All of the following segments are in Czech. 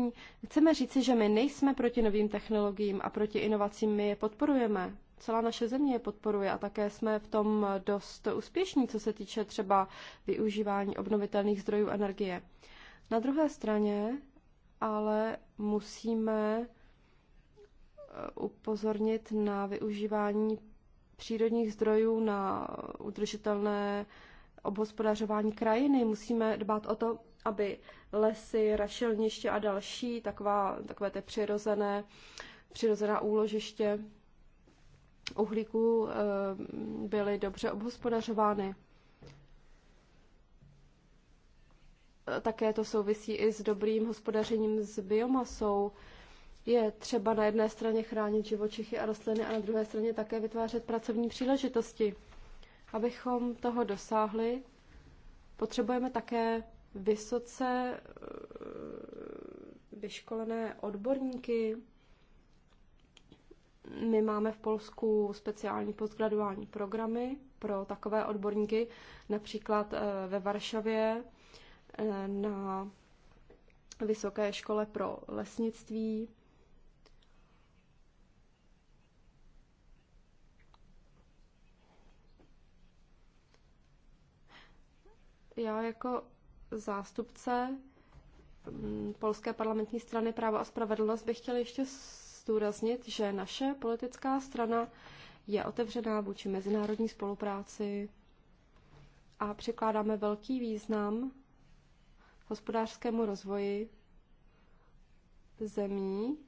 efektivní. Chceme říci, že my nejsme proti novým technologiím a proti inovacím, my je podporujeme. Celá naše země je podporuje a také jsme v tom dost úspěšní, co se týče třeba využívání obnovitelných zdrojů energie. Na druhé straně ale musíme eh, upozornit na využívání přírodních zdrojů na udržitelné obhospodařování krajiny. Musíme dbát o to, aby lesy, rašelniště a další, taková, takové ty přirozené, přirozená úložiště uhlíků eh, byly dobře obhospodařovány. Také to souvisí i s dobrým hospodařením s biomasou. Je třeba na jedné straně chránit živočichy a rostliny a na druhé straně také vytvářet pracovní příležitosti. Abychom toho dosáhli, potřebujeme také vysoce eh, vyškolené odborníky. My máme v Polsku speciální postgraduální programy pro takové odborníky, například eh, ve Varšavě eh, na Vysoké škole pro lesnictví. Já jako zástupce mm, Polské parlamentní strany Právo a spravedlnost bych chtěl ještě zdůraznit, že naše politická strana je otevřená vůči mezinárodní spolupráci a překládáme velký význam hospodářskému rozvoji zemí.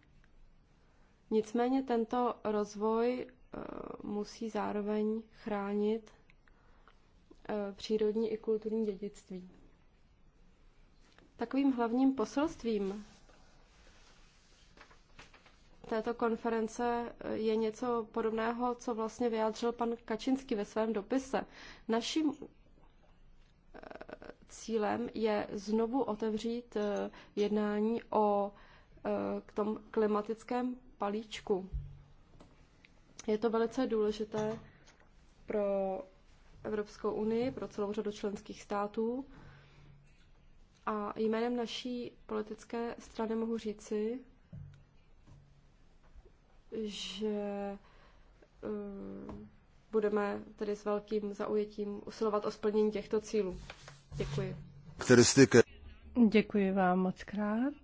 Nicméně tento rozvoj e, musí zároveň chránit e, přírodní i kulturní dědictví. Takovým hlavním poselstvím této konference je něco podobného, co vlastně vyjádřil pan Kačinský ve svém dopise. Naším eh, cílem je znovu otevřít eh, jednání o eh, k tom klimatickém palíčku. Je to velice důležité pro Evropskou unii, pro celou řadu členských států, a jménem naší politické strany mohu říci, že eh, budeme tedy s velkým zaujetím usilovat o splnění těchto cílů. Děkuji. Kteristika. Děkuji vám moc krát.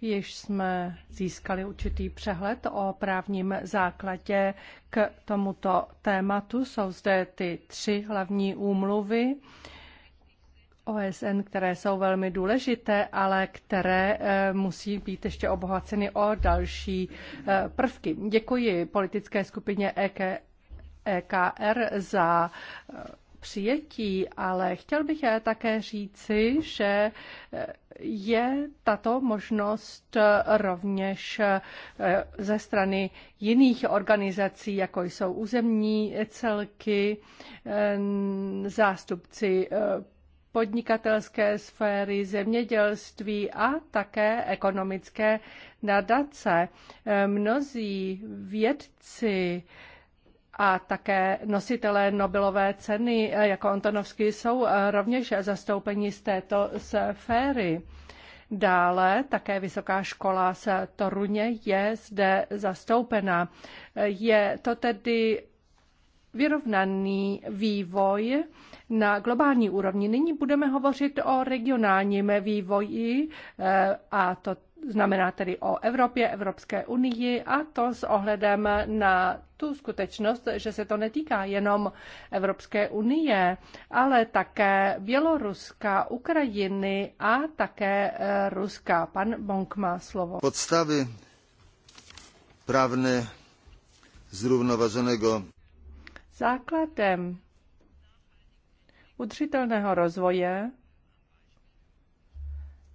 Již jsme získali určitý přehled o právním základě k tomuto tématu. Jsou zde ty tři hlavní úmluvy. OSN, které jsou velmi důležité, ale které eh, musí být ještě obohaceny o další eh, prvky. Děkuji politické skupině EK, EKR za eh, přijetí, ale chtěl bych také říci, že je tato možnost rovněž ze strany jiných organizací, jako jsou územní celky, zástupci podnikatelské sféry, zemědělství a také ekonomické nadace. Eh, mnozí vědci a také nositelé Nobelové ceny eh, jako Antonovský jsou eh, rovněž zastoupeni z této sféry. Dále také Vysoká škola se Toruně je zde zastoupena. Je to tedy vyrovnaný vývoj na globální úrovni. Nyní budeme hovořit o regionálním vývoji eh, a to znamená tedy o Evropě, Evropské unii a to s ohledem na tu skutečnost, že se to netýká jenom Evropské unie, ale také Běloruska, Ukrajiny a také eh, Ruska. Pan Bonk má slovo. Podstavy právné zrównoważonego Základem udržitelného rozvoje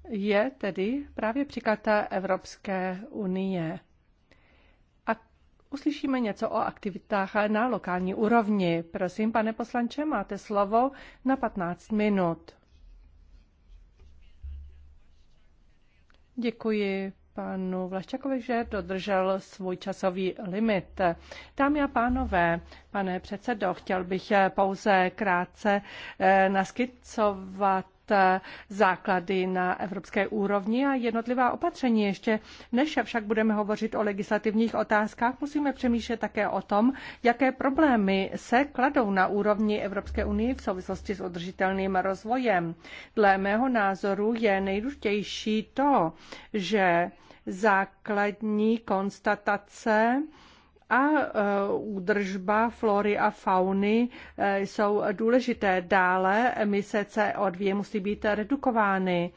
je tedy právě příklad Evropské unie. A uslyšíme něco o aktivitách na lokální úrovni. Prosím, pane poslanče, máte slovo na 15 minut. Děkuji, panu Vlaščakovi, že dodržel svůj časový limit. Dámy a pánové, pane předsedo, chtěl bych pouze krátce eh, naskicovat Eh, základy na evropské úrovni a jednotlivá opatření. Ještě než však budeme hovořit o legislativních otázkách, musíme přemýšlet také o tom, jaké problémy se kladou na úrovni Evropské unie v souvislosti s udržitelným rozvojem. Dle mého názoru je nejdůležitější to, že základní konstatace a e, údržba flory a fauny e, jsou důležité. Dále emise CO2 musí být redukovány.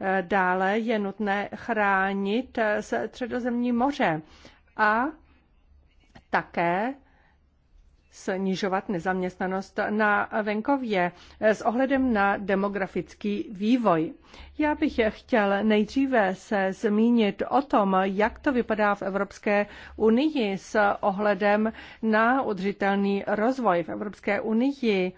E, dále je nutné chránit středozemní moře a také snižovat nezaměstnanost na venkově s ohledem na demografický vývoj. Já bych chtěl nejdříve se zmínit o tom, jak to vypadá v Evropské unii s ohledem na udržitelný rozvoj v Evropské unii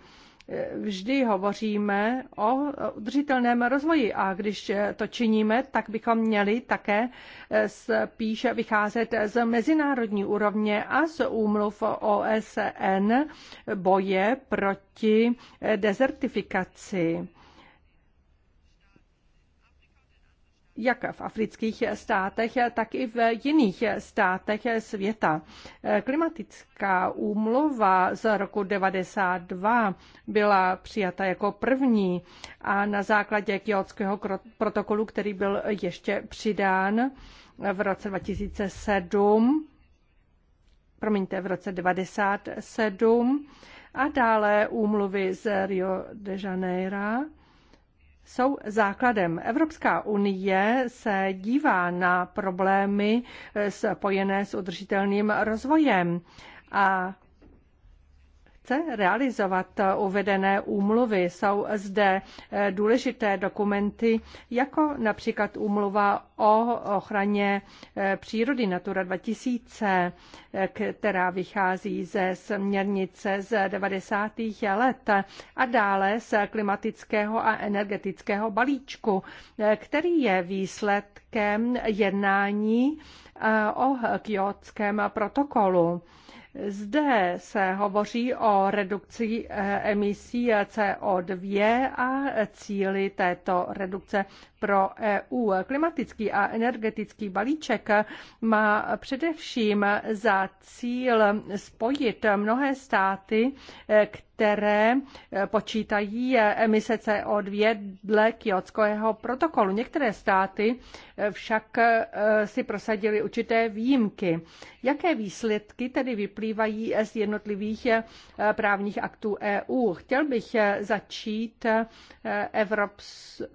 vždy hovoříme o udržitelném rozvoji a když to činíme, tak bychom měli také eh, spíše vycházet z mezinárodní úrovně a z úmluv OSN boje proti dezertifikaci. jak v afrických státech, tak i v jiných státech světa. Klimatická úmluva z roku 1992 byla přijata jako první a na základě Kyotského protokolu, který byl ještě přidán v roce 2007, promiňte, v roce 1997 a dále úmluvy z Rio de Janeiro jsou základem. Evropská unie se dívá na problémy eh, spojené s udržitelným rozvojem a chce realizovat uvedené úmluvy. Jsou zde eh, důležité dokumenty, jako například úmluva o ochraně eh, přírody Natura 2000, eh, která vychází ze směrnice z 90. let a dále z klimatického a energetického balíčku, který je výsledkem jednání o kjótském protokolu. Zde se hovoří o redukci eh, emisí CO2 a cíli této redukce pro EU. Klimatický a energetický balíček má především za cíl spojit mnohé státy, které eh, které eh, počítají eh, emise CO2 dle Kyotského protokolu. Některé státy eh, však si prosadily určité výjimky. Jaké výsledky tedy vyplývají z jednotlivých právních aktů EU? Chtěl bych začít Evropskou Evropskou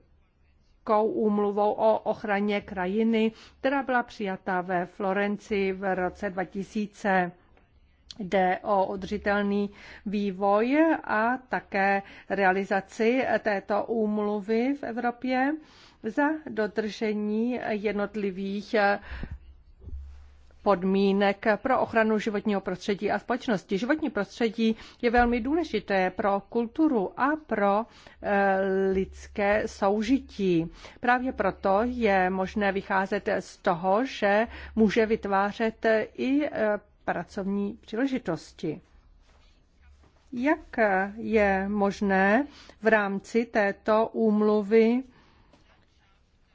úmluvou o ochraně krajiny, která byla přijata ve Florenci v roce 2000. Jde o udržitelný vývoj a také realizaci této úmluvy v Evropě za dodržení jednotlivých podmínek pro ochranu životního prostředí a společnosti. Životní prostředí je velmi důležité pro kulturu a pro eh, lidské soužití. Právě proto je možné vycházet z toho, že může vytvářet eh, i eh, pracovní příležitosti. Jak je možné v rámci této úmluvy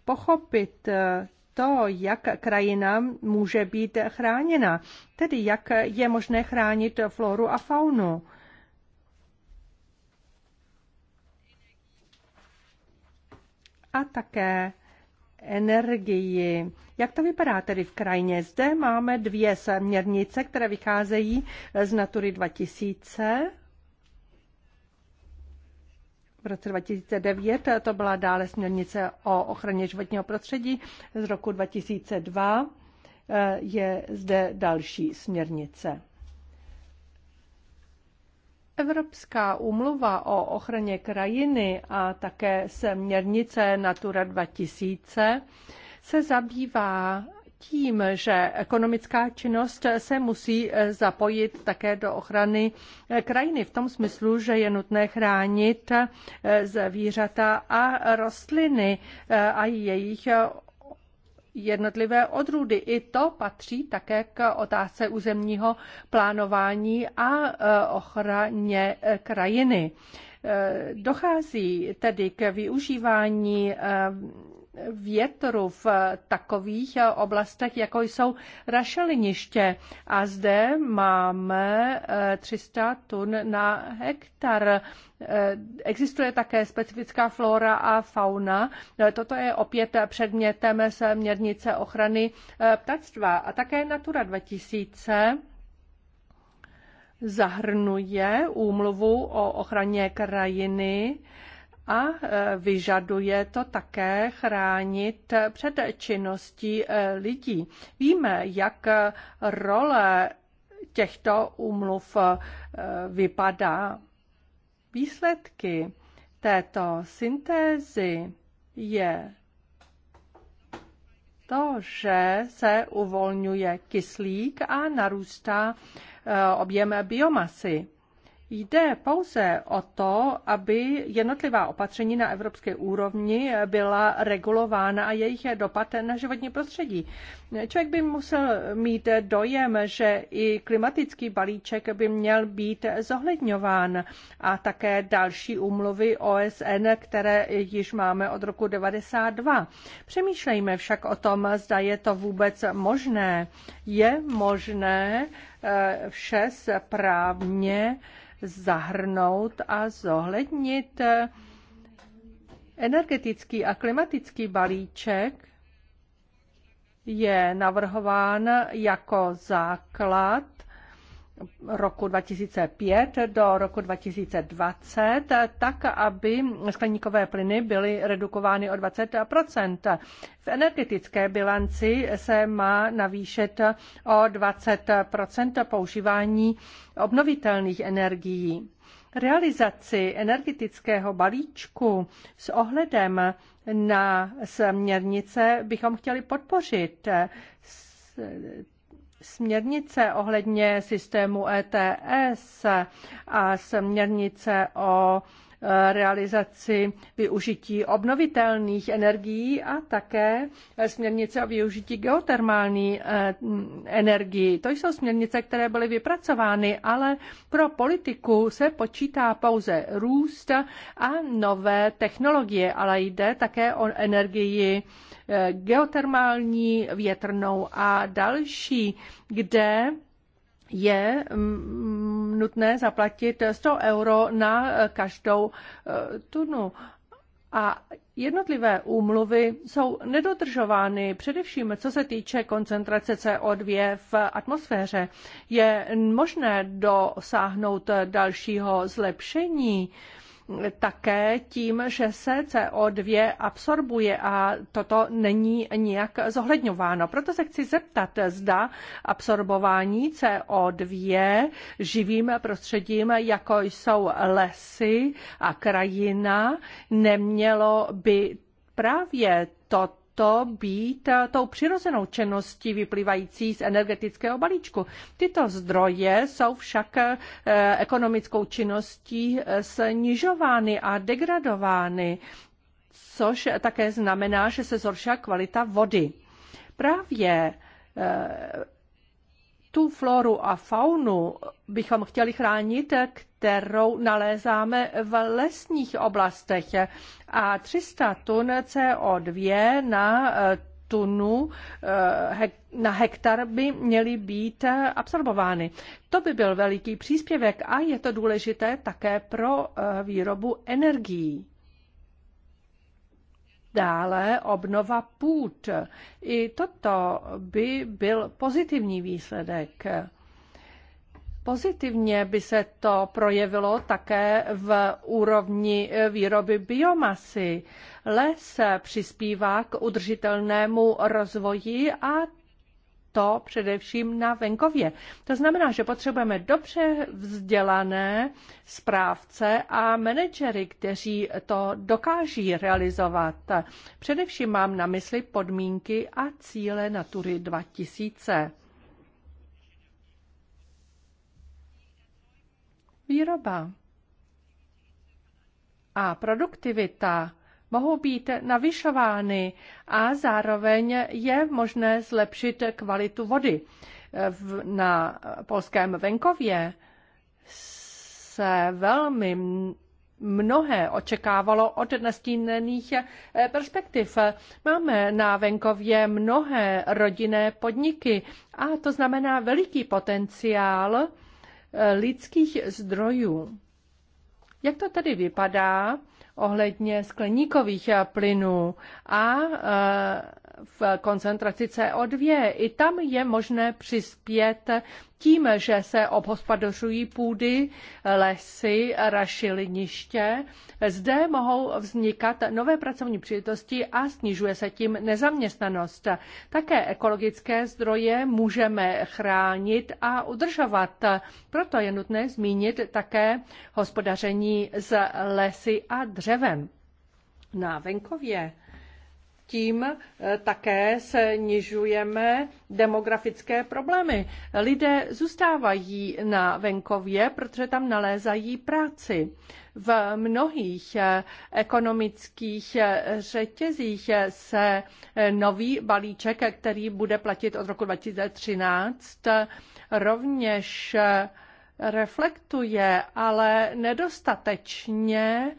pochopit to, jak krajina může být chráněna, tedy jak je možné chránit floru a faunu. A také energii. Jak to vypadá tedy v krajině? Zde máme dvě směrnice, které vycházejí z Natury 2000. V roce 2009 to byla dále směrnice o ochraně životního prostředí z roku 2002 je zde další směrnice. Evropská úmluva o ochraně krajiny a také směrnice Natura 2000 se zabývá tím, že ekonomická činnost se musí zapojit také do ochrany krajiny v tom smyslu, že je nutné chránit zvířata a rostliny a jejich jednotlivé odrůdy. I to patří také k otázce územního plánování a e, ochraně e, krajiny. E, dochází tedy k využívání větru v takových oblastech, jako jsou rašeliniště. A zde máme 300 eh, tun na hektar. Eh, existuje také specifická flora a fauna. No, toto je opět předmětem směrnice ochrany eh, ptactva. A také Natura 2000 zahrnuje úmluvu o ochraně krajiny a e, vyžaduje to také chránit před činností e, lidí. Víme, jak role těchto úmluv e, vypadá. Výsledky této syntézy je to, že se uvolňuje kyslík a narůstá objem biomasy. Jde pouze o to, aby jednotlivá opatření na evropské úrovni byla regulována a jejich dopad na životní prostředí. Člověk by musel mít dojem, že i klimatický balíček by měl být zohledňován a také další úmluvy OSN, které již máme od roku 92. Přemýšlejme však o tom, zda je to vůbec možné. Je možné eh, vše správně zahrnout a zohlednit energetický a klimatický balíček je navrhován jako základ roku 2005 do roku 2020, tak aby skleníkové plyny byly redukovány o 20 V energetické bilanci se má navýšet o 20 používání obnovitelných energií. Realizaci energetického balíčku s ohledem na směrnice bychom chtěli podpořit směrnice ohledně systému ETS a směrnice o e, realizaci využití obnovitelných energií a také směrnice o využití geotermální e, energii. To jsou směrnice, které byly vypracovány, ale pro politiku se počítá pouze růst a nové technologie, ale jde také o energii Eh, geotermální, větrnou a další, kde je mm, mm, nutné zaplatit 100 euro na každou eh, tunu. A jednotlivé úmluvy jsou nedodržovány, především co se týče koncentrace CO2 v atmosféře. Je možné dosáhnout dalšího zlepšení také tím, že se CO2 absorbuje a toto není nijak zohledňováno. Proto se chci zeptat, zda absorbování CO2 živým prostředím, jako jsou lesy a krajina, nemělo by právě to to být eh, tou přirozenou činností vyplývající z energetického balíčku. Tyto zdroje jsou však eh, ekonomickou činností eh, snižovány a degradovány, což také znamená, že se zhoršila kvalita vody. Právě tu floru a faunu bychom chtěli chránit, kterou nalézáme v lesních oblastech. A 300 tun CO2 na eh, tunu eh, na hektar by měly být eh, absorbovány. To by byl veliký příspěvek a je to důležité také pro výrobu energií. Dále obnova půd. I toto by byl pozitivní výsledek. Pozitivně by se to projevilo také v úrovni eh, výroby biomasy. Les přispívá k udržitelnému rozvoji a to především na venkově. To znamená, že potřebujeme dobře vzdělané správce a manažery, kteří to dokáží realizovat. Především mám na mysli podmínky a cíle Natury 2000. Výroba a produktivita mohou být navyšovány a zároveň je možné zlepšit kvalitu vody. Na polském venkově se velmi mnohé očekávalo od nastíněných eh, perspektiv. Máme na venkově mnohé rodinné podniky a to znamená veliký potenciál eh, lidských zdrojů. Jak to tedy vypadá ohledně skleníkových plynů a v koncentraci CO2. I tam je možné přispět tím, že se obhospodařují půdy, lesy, rašiliniště. Zde mohou vznikat nové pracovní příležitosti a snižuje se tím nezaměstnanost. Také ekologické zdroje můžeme chránit a udržovat. Proto je nutné zmínit také hospodaření s lesy a dřevem. Na venkově tím eh, také snižujeme demografické problémy. Lidé zůstávají na venkově, protože tam nalézají práci. V mnohých eh, ekonomických eh, řetězích se nový balíček, který bude platit od roku 2013, rovněž reflektuje, ale nedostatečně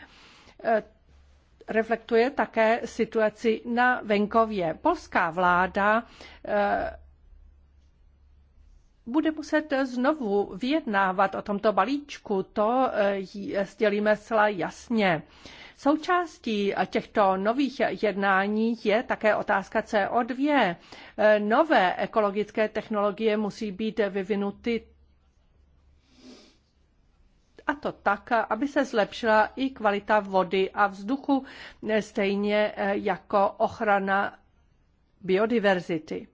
reflektuje také situaci na venkově. Polská vláda eh, bude muset znovu vyjednávat o tomto balíčku, to eh, eh, sdělíme zcela jasně. Součástí těchto nových jednání je také otázka CO2. Nové ekologické technologie musí být vyvinuty a to tak, aby se zlepšila i kvalita vody a vzduchu, stejně jako ochrana biodiverzity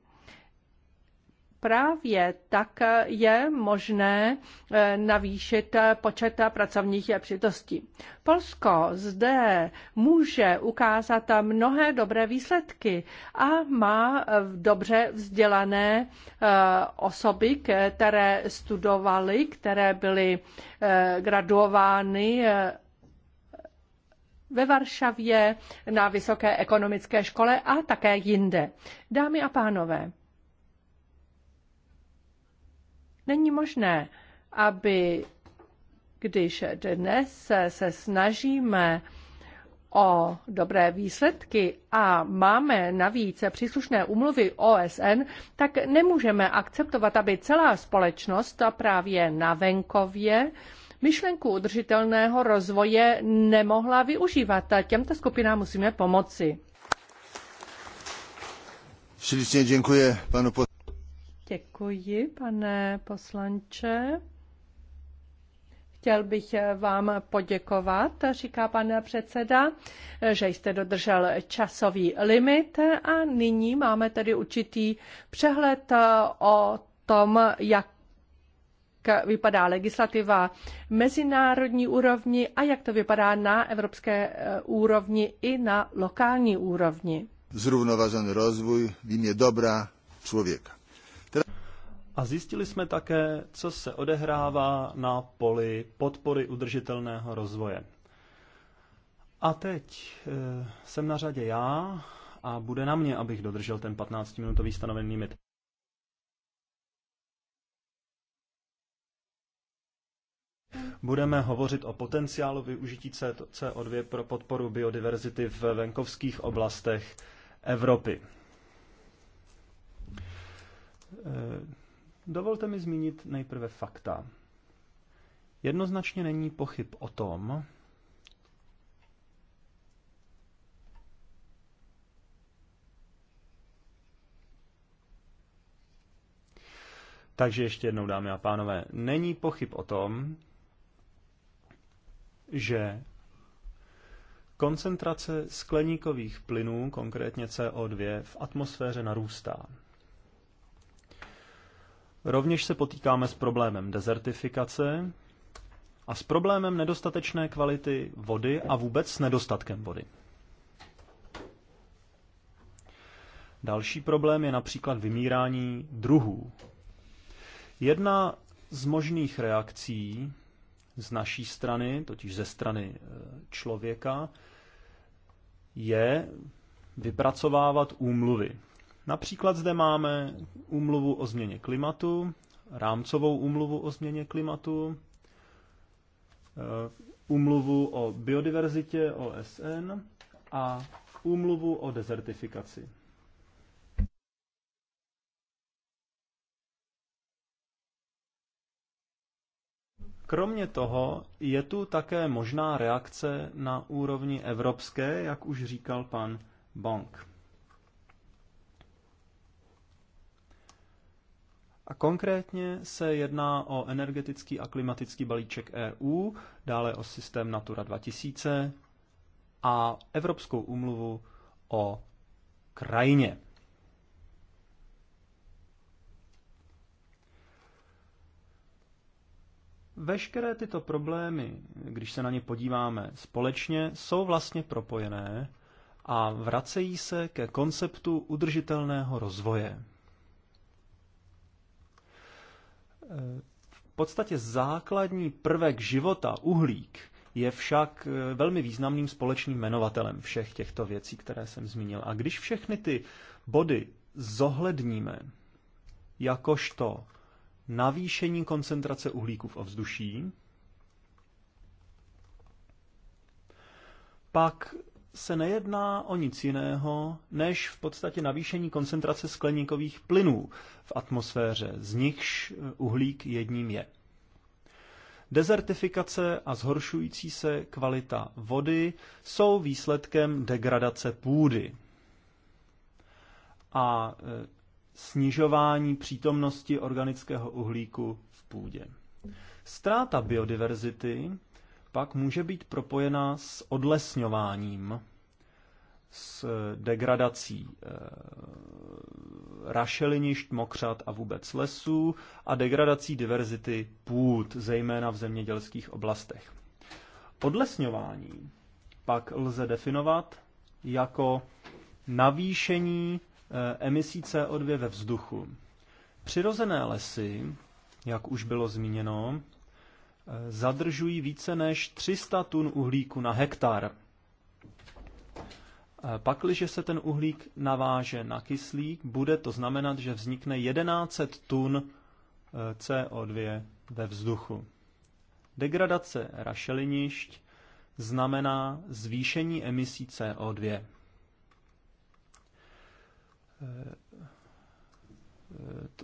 právě tak je možné eh, navýšit počet pracovních přitostí. Polsko zde může ukázat mnohé dobré výsledky a má eh, dobře vzdělané eh, osoby, které studovaly, které byly graduovány ve Varšavě na Vysoké ekonomické škole a také jinde. Dámy a pánové, Není možné, aby když dnes se snažíme o dobré výsledky a máme navíc příslušné umluvy OSN, tak nemůžeme akceptovat, aby celá společnost a právě na venkově myšlenku udržitelného rozvoje nemohla využívat. A těmto skupinám musíme pomoci. Srdečně děkuji panu Děkuji, pane poslanče. Chtěl bych vám poděkovat, říká pan předseda, že jste dodržel časový limit a nyní máme tedy určitý přehled o tom, jak vypadá legislativa mezinárodní úrovni a jak to vypadá na evropské eh, úrovni i na lokální úrovni. Zrównoważony rozvoj w imię dobra člověka. A zjistili jsme také, co se odehrává na poli podpory udržitelného rozvoje. A teď eh, jsem na řadě já a bude na mě, abych dodržel ten 15-minutový stanovený limit. Budeme hovořit o potenciálu využití CO2 pro podporu biodiverzity v venkovských oblastech Evropy. Eh, Dovolte mi zmínit nejprve fakta. Jednoznačně není pochyb o tom, Takže ještě jednou, dámy a pánové, není pochyb o tom, že koncentrace skleníkových plynů, konkrétně CO2, v atmosféře narůstá. Rovněž se potýkáme s problémem dezertifikace a s problémem nedostatečné kvality vody a vůbec s nedostatkem vody. Další problém je například vymírání druhů. Jedna z možných reakcí z naší strany, totiž ze strany e, člověka, je vypracovávat úmluvy. Například zde máme úmluvu o změně klimatu, rámcovou úmluvu o změně klimatu, eh, úmluvu o biodiverzitě OSN a úmluvu o dezertifikaci. Kromě toho je tu také možná reakce na úrovni evropské, jak už říkal pan Bank. A konkrétně se jedná o energetický a klimatický balíček EU, dále o systém Natura 2000 a Evropskou úmluvu o krajině. Veškeré tyto problémy, když se na ně podíváme společně, jsou vlastně propojené a vracejí se ke konceptu udržitelného rozvoje. V podstatě základní prvek života, uhlík, je však eh, velmi významným společným jmenovatelem všech těchto věcí, které jsem zmínil. A když všechny ty body zohledníme jakožto navýšení koncentrace uhlíku v ovzduší, pak se nejedná o nic jiného, než v podstatě navýšení koncentrace skleníkových plynů v atmosféře, z nichž eh, uhlík jedním je. Dezertifikace a zhoršující se kvalita vody jsou výsledkem degradace půdy. A eh, snižování přítomnosti organického uhlíku v půdě. Ztráta biodiverzity pak může být propojená s odlesňováním, s eh, degradací e, rašelinišť, mokřat a vůbec lesů a degradací diverzity půd, zejména v zemědělských oblastech. Odlesňování pak lze definovat jako navýšení eh, emisí CO2 ve vzduchu. Přirozené lesy, jak už bylo zmíněno, zadržují více než 300 tun uhlíku na hektar. E, Pakliže se ten uhlík naváže na kyslík, bude to znamenat, že vznikne 1100 tun e, CO2 ve vzduchu. Degradace rašelinišť znamená zvýšení emisí CO2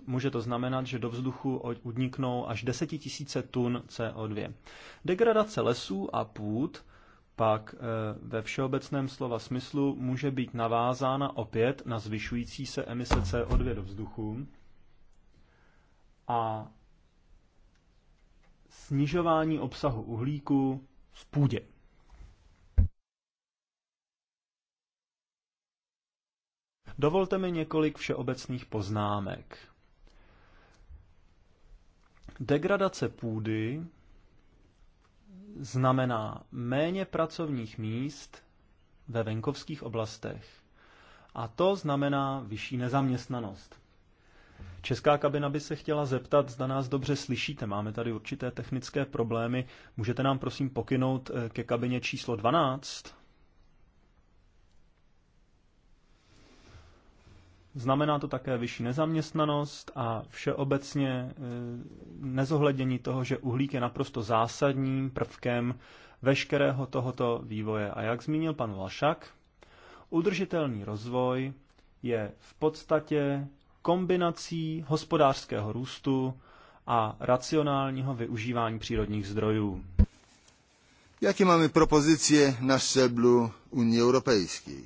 může to znamenat, že do vzduchu udniknou až 10 tisíce tun CO2. Degradace lesů a půd pak e, ve všeobecném slova smyslu může být navázána opět na zvyšující se emise CO2 do vzduchu a snižování obsahu uhlíku v půdě. Dovolte mi několik všeobecných poznámek. Degradace půdy znamená méně pracovních míst ve venkovských oblastech. A to znamená vyšší nezaměstnanost. Česká kabina by se chtěla zeptat, zda nás dobře slyšíte. Máme tady určité technické problémy. Můžete nám prosím pokynout eh, ke kabině číslo 12? Znamená to také vyšší nezaměstnanost a všeobecně e, nezohlednění toho, že uhlík je naprosto zásadním prvkem veškerého tohoto vývoje. A jak zmínil pan Vlašak, udržitelný rozvoj je v podstatě kombinací hospodářského růstu a racionálního využívání přírodních zdrojů. Jaké máme propozice na szczeblu Unii Europejskiej?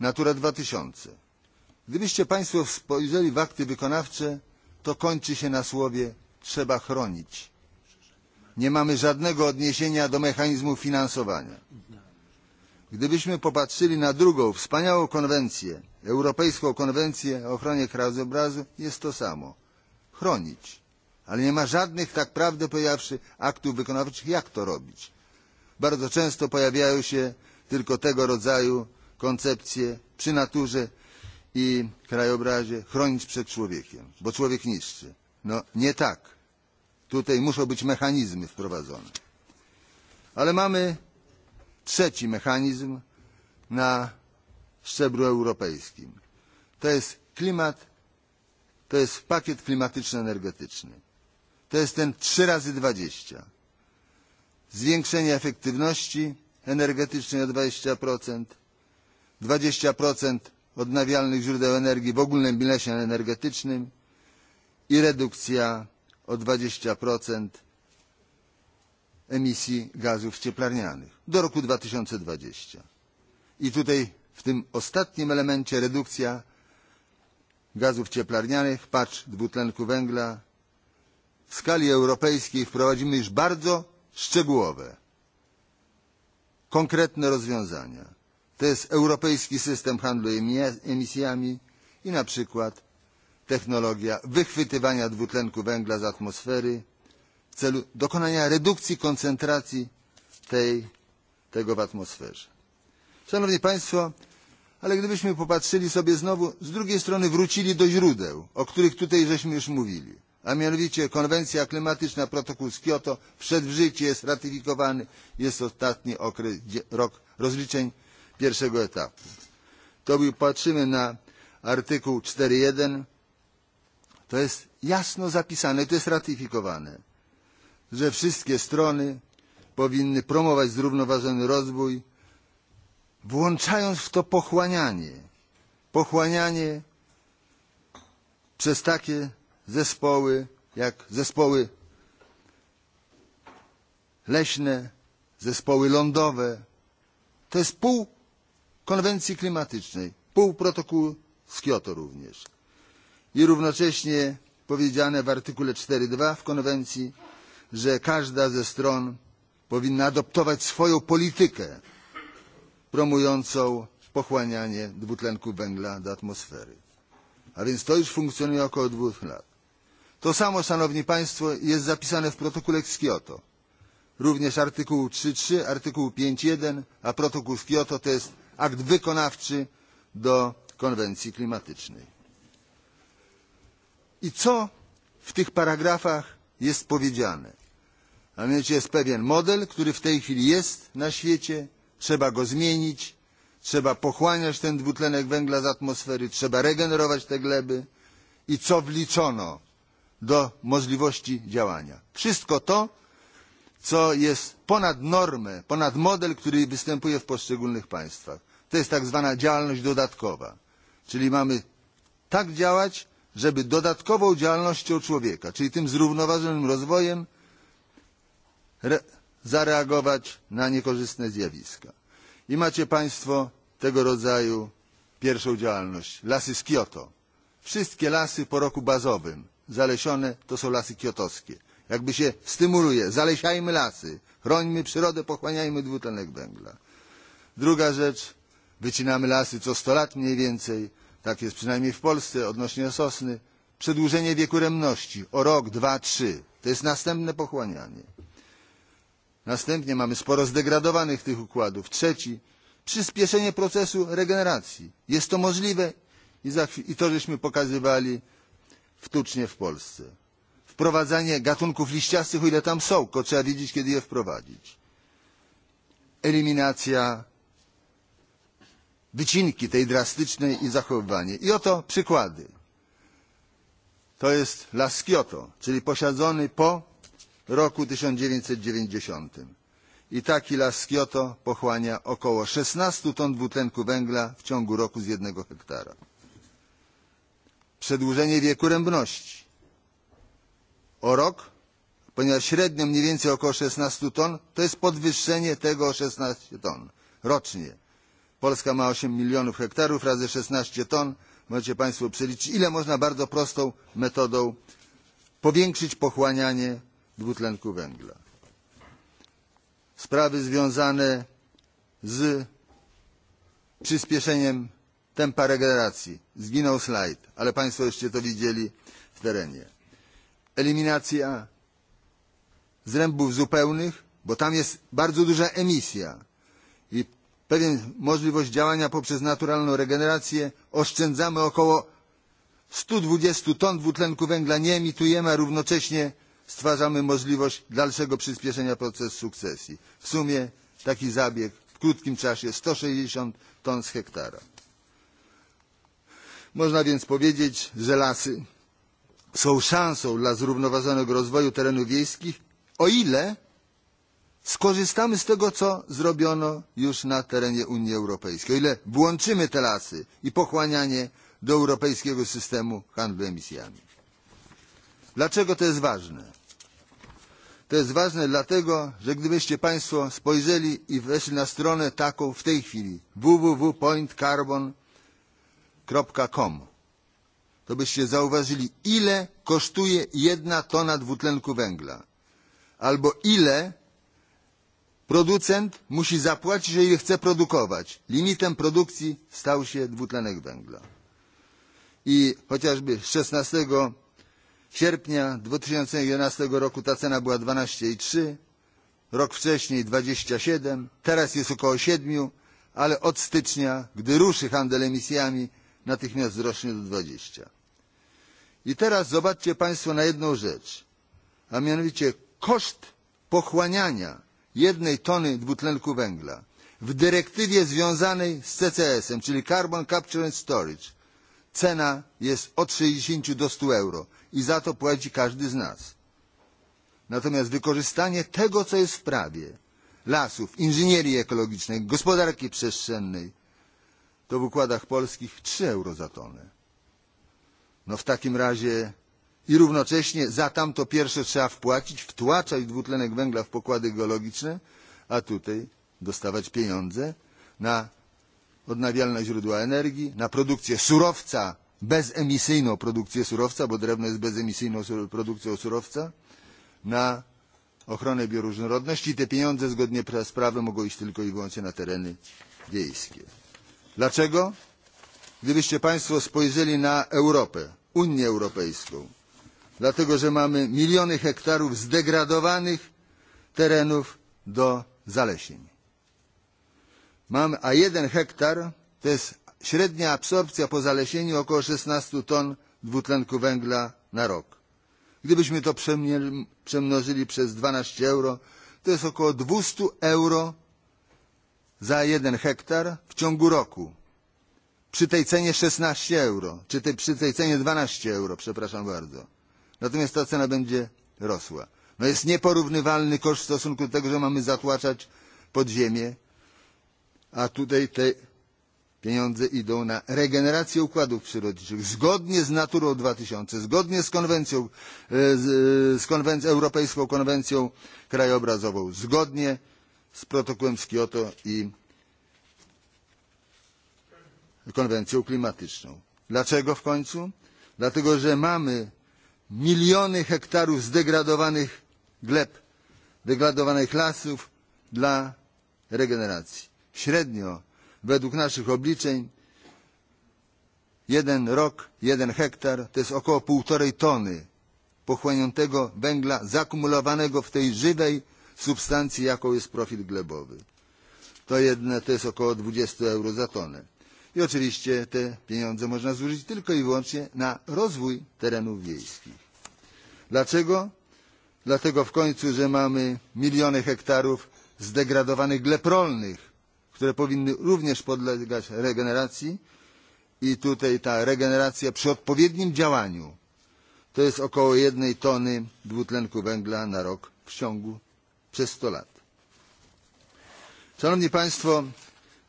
Natura 2000 Gdybyście Państwo spojrzeli w akty wykonawcze, to kończy się na słowie trzeba chronić. Nie mamy żadnego odniesienia do mechanizmu finansowania. Gdybyśmy popatrzyli na drugą wspaniałą konwencję, Europejską konwencję o ochronie krajobrazu, jest to samo. Chronić. Ale nie ma żadnych, tak prawdę powiedziawszy, aktów wykonawczych, jak to robić. Bardzo często pojawiają się tylko tego rodzaju koncepcje przy naturze i krajobrazie chronić przed człowiekiem, bo człowiek niszczy. No nie tak. Tutaj muszą być mechanizmy wprowadzone. Ale mamy trzeci mechanizm na szczeblu europejskim. To jest klimat, to jest pakiet klimatyczno-energetyczny. To jest ten 3 razy 20. Zwiększenie efektywności energetycznej o 20%, 20% odnawialnych źródeł energii w ogólnym bilansie energetycznym i redukcja o 20% emisji gazów cieplarnianych do roku 2020. I tutaj w tym ostatnim elemencie redukcja gazów cieplarnianych, patrz dwutlenku węgla, w skali europejskiej wprowadzimy już bardzo szczegółowe, konkretne rozwiązania to jest europejski system handlu emisjami i na przykład technologia wychwytywania dwutlenku węgla z atmosfery w celu dokonania redukcji koncentracji tej, tego w atmosferze. Szanowni Państwo, ale gdybyśmy popatrzyli sobie znowu, z drugiej strony wrócili do źródeł, o których tutaj żeśmy już mówili, a mianowicie konwencja klimatyczna, protokół z Kioto wszedł w życie, jest ratyfikowany, jest ostatni okres, rok rozliczeń pierwszego etapu. To patrzymy na artykuł 4.1, to jest jasno zapisane, to jest ratyfikowane, że wszystkie strony powinny promować zrównoważony rozwój, włączając w to pochłanianie. Pochłanianie przez takie zespoły, jak zespoły leśne, zespoły lądowe. To jest pół konwencji klimatycznej, pół półprotokołu z Kioto również i równocześnie powiedziane w artykule 4.2 w konwencji, że każda ze stron powinna adoptować swoją politykę promującą pochłanianie dwutlenku węgla do atmosfery. A więc to już funkcjonuje około dwóch lat. To samo, Szanowni Państwo, jest zapisane w protokole z Kioto. Również artykuł 3.3, artykuł 5.1, a protokół z Kioto to jest akt wykonawczy do konwencji klimatycznej. I co w tych paragrafach jest powiedziane? A mianowicie jest pewien model, który w tej chwili jest na świecie, trzeba go zmienić, trzeba pochłaniać ten dwutlenek węgla z atmosfery, trzeba regenerować te gleby i co wliczono do możliwości działania. Wszystko to, co jest ponad normę, ponad model, który występuje w poszczególnych państwach. To jest tak zwana działalność dodatkowa. Czyli mamy tak działać, żeby dodatkową działalnością człowieka, czyli tym zrównoważonym rozwojem, zareagować na niekorzystne zjawiska. I macie Państwo tego rodzaju pierwszą działalność. Lasy z Kioto. Wszystkie lasy po roku bazowym zalesione to są lasy kiotowskie jakby się stymuluje, zalesiajmy lasy, chrońmy przyrodę, pochłaniajmy dwutlenek węgla. Druga rzecz, wycinamy lasy co 100 lat mniej więcej, tak jest przynajmniej w Polsce odnośnie sosny, przedłużenie wieku remności o rok, dwa, trzy. To jest następne pochłanianie. Następnie mamy sporo zdegradowanych tych układów. Trzeci, przyspieszenie procesu regeneracji. Jest to możliwe i, za, i to żeśmy pokazywali wtucznie w Polsce wprowadzanie gatunków liściastych, o ile tam są, tylko trzeba wiedzieć, kiedy je wprowadzić. Eliminacja wycinki tej drastycznej i zachowywanie. I oto przykłady. To jest las Kyoto, czyli posiadzony po roku 1990. I taki las Kyoto pochłania około 16 ton dwutlenku węgla w ciągu roku z jednego hektara. Przedłużenie wieku rębności o rok, ponieważ średnio mniej więcej około 16 ton, to jest podwyższenie tego o 16 ton rocznie. Polska ma 8 milionów hektarów razy 16 ton. Możecie Państwo przeliczyć, ile można bardzo prostą metodą powiększyć pochłanianie dwutlenku węgla. Sprawy związane z przyspieszeniem tempa regeneracji. Zginął slajd, ale Państwo jeszcze to widzieli w terenie eliminacja zrębów zupełnych, bo tam jest bardzo duża emisja i pewien możliwość działania poprzez naturalną regenerację oszczędzamy około 120 ton dwutlenku węgla nie emitujemy, a równocześnie stwarzamy możliwość dalszego przyspieszenia procesu sukcesji. W sumie taki zabieg w krótkim czasie 160 ton z hektara. Można więc powiedzieć, że lasy są szansą dla zrównoważonego rozwoju terenów wiejskich, o ile skorzystamy z tego, co zrobiono już na terenie Unii Europejskiej, o ile włączymy te lasy i pochłanianie do europejskiego systemu handlu emisjami. Dlaczego to jest ważne? To jest ważne dlatego, że gdybyście Państwo spojrzeli i weszli na stronę taką w tej chwili www.pointcarbon.com to byście zauważyli, ile kosztuje jedna tona dwutlenku węgla, albo ile producent musi zapłacić, jeżeli chce produkować. Limitem produkcji stał się dwutlenek węgla. I chociażby 16 sierpnia 2011 roku ta cena była 12,3, rok wcześniej 27, teraz jest około 7, ale od stycznia, gdy ruszy handel emisjami, natychmiast wzrośnie do 20. I teraz zobaczcie Państwo na jedną rzecz, a mianowicie koszt pochłaniania jednej tony dwutlenku węgla w dyrektywie związanej z CCS-em, czyli Carbon Capture and Storage, cena jest od 60 do 100 euro i za to płaci każdy z nas. Natomiast wykorzystanie tego, co jest w prawie, lasów, inżynierii ekologicznej, gospodarki przestrzennej, to w układach polskich 3 euro za tonę. No w takim razie i równocześnie za tamto pierwsze trzeba wpłacić, wtłaczać dwutlenek węgla w pokłady geologiczne, a tutaj dostawać pieniądze na odnawialne źródła energii, na produkcję surowca, bezemisyjną produkcję surowca, bo drewno jest bezemisyjną produkcją surowca, na ochronę bioróżnorodności. Te pieniądze zgodnie z prawem mogą iść tylko i wyłącznie na tereny wiejskie. Dlaczego? Gdybyście Państwo spojrzeli na Europę, Unię Europejską, dlatego że mamy miliony hektarów zdegradowanych terenów do zalesień. Mam, a jeden hektar to jest średnia absorpcja po zalesieniu około 16 ton dwutlenku węgla na rok. Gdybyśmy to przemnożyli przez 12 euro, to jest około 200 euro za jeden hektar w ciągu roku. Przy tej cenie 16 euro, czy tej, przy tej cenie 12 euro, przepraszam bardzo. Natomiast ta cena będzie rosła. No jest nieporównywalny koszt w stosunku do tego, że mamy zatłaczać podziemie, a tutaj te pieniądze idą na regenerację układów przyrodniczych zgodnie z Naturą 2000, zgodnie z konwencją, e, z, e, z konwenc Europejską Konwencją Krajobrazową, zgodnie z protokołem z Kioto i konwencją klimatyczną. Dlaczego w końcu? Dlatego, że mamy miliony hektarów zdegradowanych gleb, degradowanych lasów dla regeneracji. Średnio, według naszych obliczeń, jeden rok, jeden hektar to jest około półtorej tony pochłoniętego węgla zakumulowanego w tej żywej substancji, jaką jest profil glebowy. To, jedne, to jest około 20 euro za tonę. I oczywiście te pieniądze można zużyć tylko i wyłącznie na rozwój terenów wiejskich. Dlaczego? Dlatego w końcu, że mamy miliony hektarów zdegradowanych gleb rolnych, które powinny również podlegać regeneracji i tutaj ta regeneracja przy odpowiednim działaniu to jest około jednej tony dwutlenku węgla na rok w ciągu przez 100 lat. Szanowni Państwo,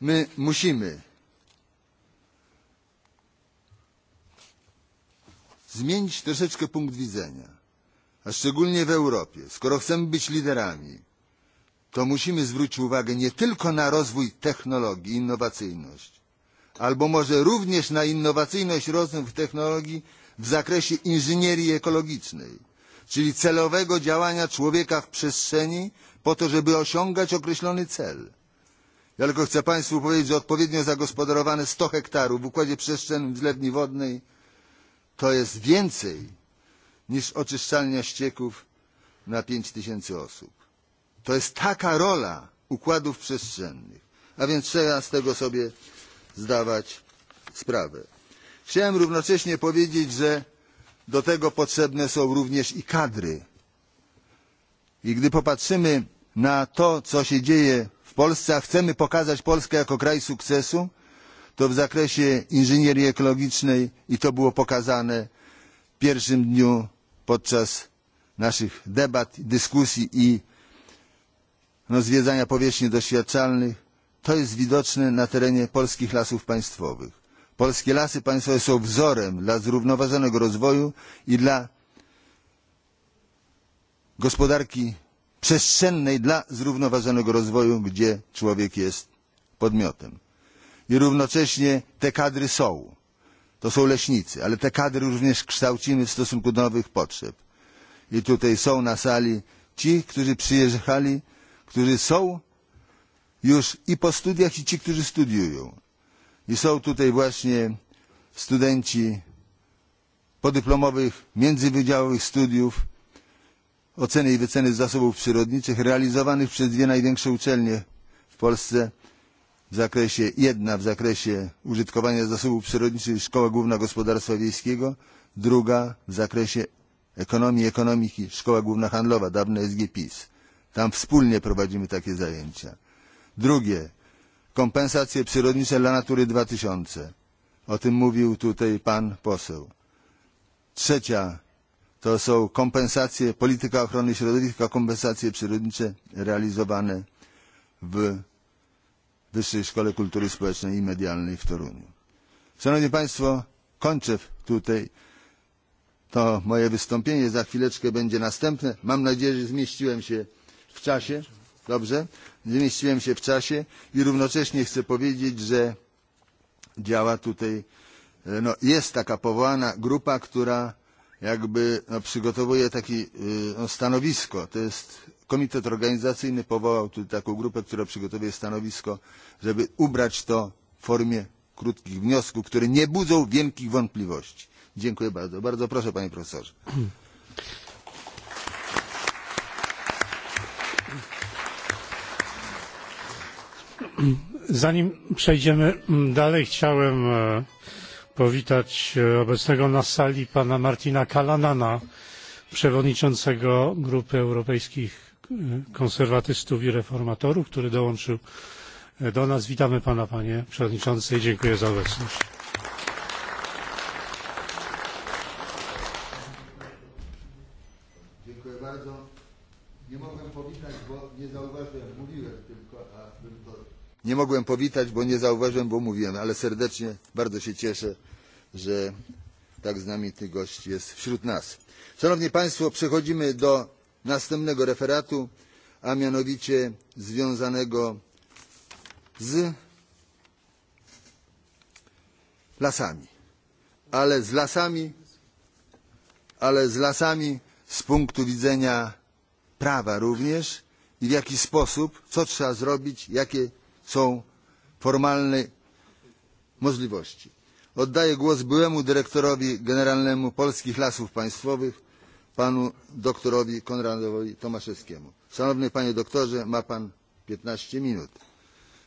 my musimy zmienić troszeczkę punkt widzenia, a szczególnie w Europie. Skoro chcemy być liderami, to musimy zwrócić uwagę nie tylko na rozwój technologii, innowacyjność, albo może również na innowacyjność rozwój technologii w zakresie inżynierii ekologicznej czyli celowego działania człowieka w przestrzeni po to, żeby osiągać określony cel. Ja tylko chcę Państwu powiedzieć, że odpowiednio zagospodarowane 100 hektarów w układzie przestrzennym zlewni wodnej to jest więcej niż oczyszczalnia ścieków na 5 tysięcy osób. To jest taka rola układów przestrzennych, a więc trzeba z tego sobie zdawać sprawę. Chciałem równocześnie powiedzieć, że do tego potrzebne są również i kadry. I gdy popatrzymy na to, co się dzieje w Polsce, a chcemy pokazać Polskę jako kraj sukcesu, to w zakresie inżynierii ekologicznej, i to było pokazane w pierwszym dniu podczas naszych debat, dyskusji i no, zwiedzania powierzchni doświadczalnych, to jest widoczne na terenie polskich lasów państwowych. Polskie lasy państwowe są wzorem dla zrównoważonego rozwoju i dla gospodarki przestrzennej dla zrównoważonego rozwoju, gdzie człowiek jest podmiotem. I równocześnie te kadry są. To są leśnicy, ale te kadry również kształcimy w stosunku do nowych potrzeb. I tutaj są na sali ci, którzy przyjechali, którzy są już i po studiach, i ci, którzy studiują i są tutaj właśnie vlastně studenci podyplomowych międzywydziałowych studiów oceny i wyceny zasobów przyrodniczych realizowanych przez dwie największe uczelnie w Polsce w zakresie jedna w zakresie użytkowania zasobów przyrodniczych Szkoła Główna Gospodarstwa Wiejskiego, druga w zakresie ekonomii i ekonomiki Szkoła Główna Handlowa, dawne SGPiS. Tam wspólnie prowadzimy takie zajęcia. Drugie kompensacje przyrodnicze dla natury 2000. O tym mówił tutaj pan poseł. Trzecia to są kompensacje, polityka ochrony środowiska, kompensacje przyrodnicze realizowane w Wyższej Szkole Kultury Społecznej i Medialnej w Toruniu. Szanowni Państwo, kończę tutaj to moje wystąpienie. Za chwileczkę będzie następne. Mam nadzieję, że zmieściłem się w czasie. Dobrze? zmieściłem się w czasie i równocześnie chcę powiedzieć, że działa tutaj, eh, no, jest taka powołana grupa, która jakby no, przygotowuje takie eh, no, stanowisko. To jest komitet organizacyjny powołał tutaj taką grupę, która przygotowuje stanowisko, żeby ubrać to w formie krótkich wniosków, które nie budzą wielkich wątpliwości. Dziękuję bardzo. Bardzo proszę, panie profesorze. Zanim przejdziemy mm, dalej, chciałem e, powitać e, obecnego na sali pana Martina Kalanana, przewodniczącego Grupy Europejskich e, Konserwatystów i Reformatorów, który dołączył do nas. Witamy pana, panie przewodniczący, i dziękuję za obecność. Nie mogłem powitać, bo nie zauważyłem, bo mówiłem, ale serdecznie bardzo się cieszę, że tak znamity gość jest wśród nas. Szanowni Państwo, przechodzimy do następnego referatu, a mianowicie związanego z lasami, ale z lasami, ale z lasami z punktu widzenia prawa również i w jaki sposób, co trzeba zrobić, jakie są formalne możliwości. Oddaję głos byłemu dyrektorowi generalnemu Polskich Lasów Państwowych, panu doktorowi Konradowi Tomaszewskiemu. Szanowny panie doktorze, ma pan 15 minut.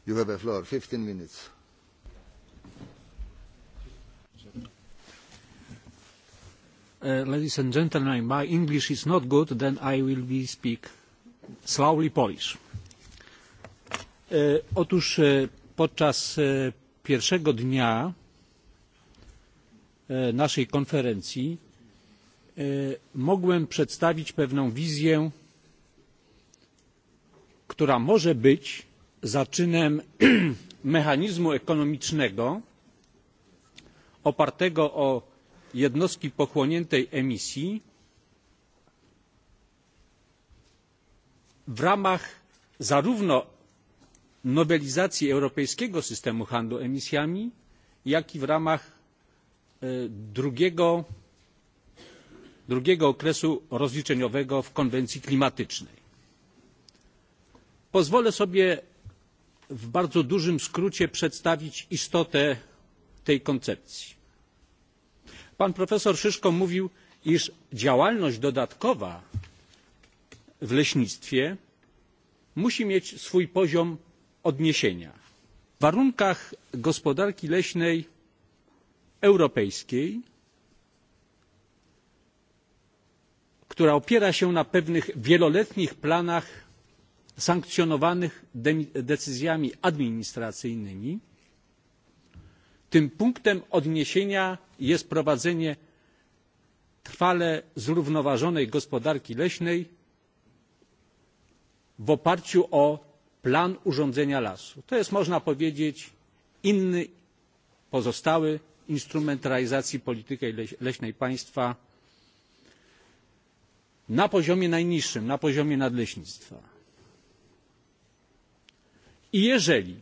You have a floor, 15 minutes. Uh, ladies and gentlemen, my English is not good, then I will be speak slowly Polish. E, otóż e, podczas e, pierwszego dnia naszej konferencji mogłem przedstawić pewną wizję, która może być zaczynem mechanizmu ekonomicznego opartego o jednostki pochłoniętej emisji w ramach zarówno nowelizacji europejskiego systemu handlu emisjami jak i w ramach e, drugiego, okresu rozliczeniowego w konwencji klimatycznej. pozwolę sobie w bardzo dużym skrócie przedstawić istotę tej koncepcji. pan profesor szyszko mówił iż działalność dodatkowa w leśnictwie musi mieć swój poziom odniesienia. W warunkach gospodarki leśnej europejskiej, która opiera się na pewnych wieloletnich planach sankcjonowanych decyzjami administracyjnymi, tym punktem odniesienia jest prowadzenie trwale zrównoważonej gospodarki leśnej w oparciu o plan urządzenia lasu. To jest można powiedzieć inny pozostały instrument realizacji polityki leśnej państwa na poziomie najniższym, na poziomie nadleśnictwa. I jeżeli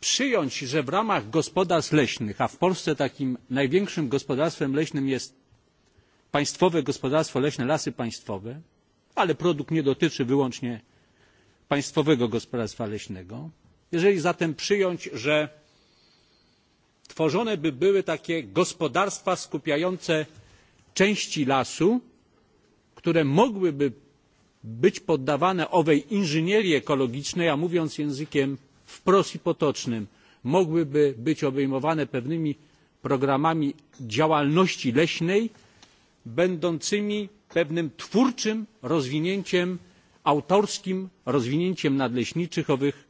przyjąć, że w ramach gospodarstw leśnych, a w Polsce takim największym gospodarstwem leśnym jest Państwowe Gospodarstwo Leśne Lasy Państwowe, ale produkt nie dotyczy wyłącznie państwowego gospodarstwa leśnego. Jeżeli zatem przyjąć, że tworzone by były takie gospodarstwa skupiające części lasu, które mogłyby być poddawane owej inżynierii ekologicznej, a mówiąc językiem wprost i potocznym, mogłyby być obejmowane pewnymi programami działalności leśnej, będącymi pewnym twórczym rozwinięciem autorskim rozwinięciem nadleśniczych owych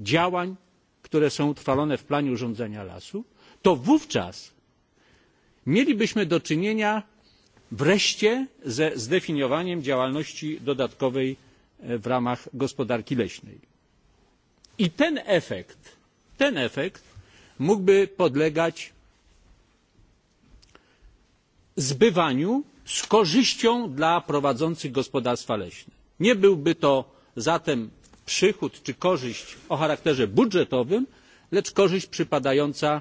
działań które są utrwalone w planie urządzenia lasu to wówczas mielibyśmy do czynienia wreszcie ze zdefiniowaniem działalności dodatkowej e, w ramach gospodarki leśnej. i ten efekt ten efekt mógłby podlegać zbywaniu z korzyścią dla prowadzących gospodarstwa leśne. Nie byłby to zatem przychód czy korzyść o charakterze budżetowym, lecz korzyść przypadająca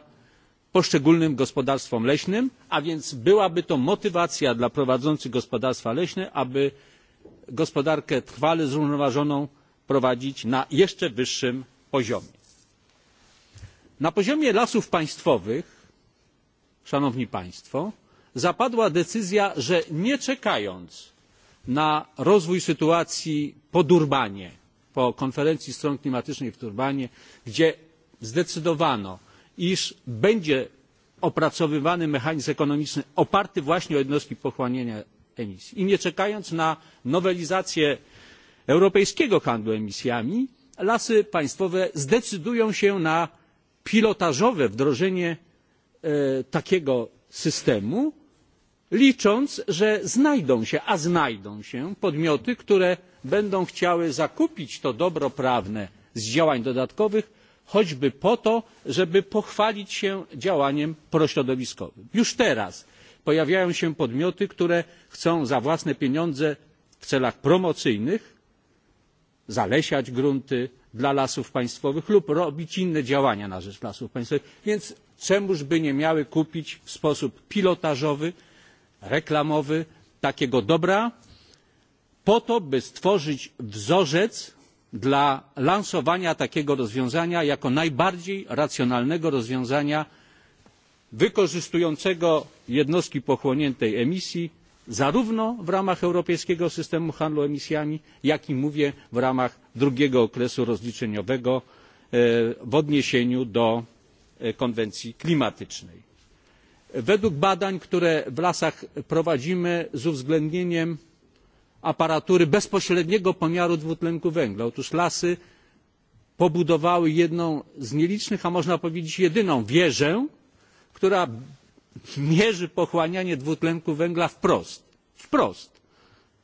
poszczególnym gospodarstwom leśnym, a więc byłaby to motywacja dla prowadzących gospodarstwa leśne, aby gospodarkę trwale zrównoważoną prowadzić na jeszcze wyższym poziomie. Na poziomie lasów państwowych, Szanowni Państwo, zapadła decyzja że nie czekając na rozwój sytuacji po durbanie po konferencji stron klimatycznej w durbanie gdzie zdecydowano iż będzie opracowywany mechanizm ekonomiczny oparty właśnie o jednostki pochłaniania emisji i nie czekając na nowelizację europejskiego handlu emisjami lasy państwowe zdecydują się na pilotażowe wdrożenie e, takiego systemu licząc że znajdą się a znajdą się podmioty które będą chciały zakupić to dobro prawne z działań dodatkowych choćby po to żeby pochwalić się działaniem prośrodowiskowym. już teraz pojawiają się podmioty które chcą za własne pieniądze w celach promocyjnych zalesiać grunty dla lasów państwowych lub robić inne działania na rzecz lasów państwowych więc Czemuż by nie miały kupić w sposób pilotażowy, reklamowy takiego dobra, po to, by stworzyć wzorzec dla lansowania takiego rozwiązania jako najbardziej racjonalnego rozwiązania wykorzystującego jednostki pochłoniętej emisji zarówno w ramach europejskiego systemu handlu emisjami jak i mówię w ramach drugiego okresu rozliczeniowego e, w odniesieniu do E, konwencji klimatycznej. według badań które w lasach prowadzimy z uwzględnieniem aparatury bezpośredniego pomiaru dwutlenku węgla otóż lasy pobudowały jedną z nielicznych a można powiedzieć jedyną wieżę która mierzy pochłanianie dwutlenku węgla wprost wprost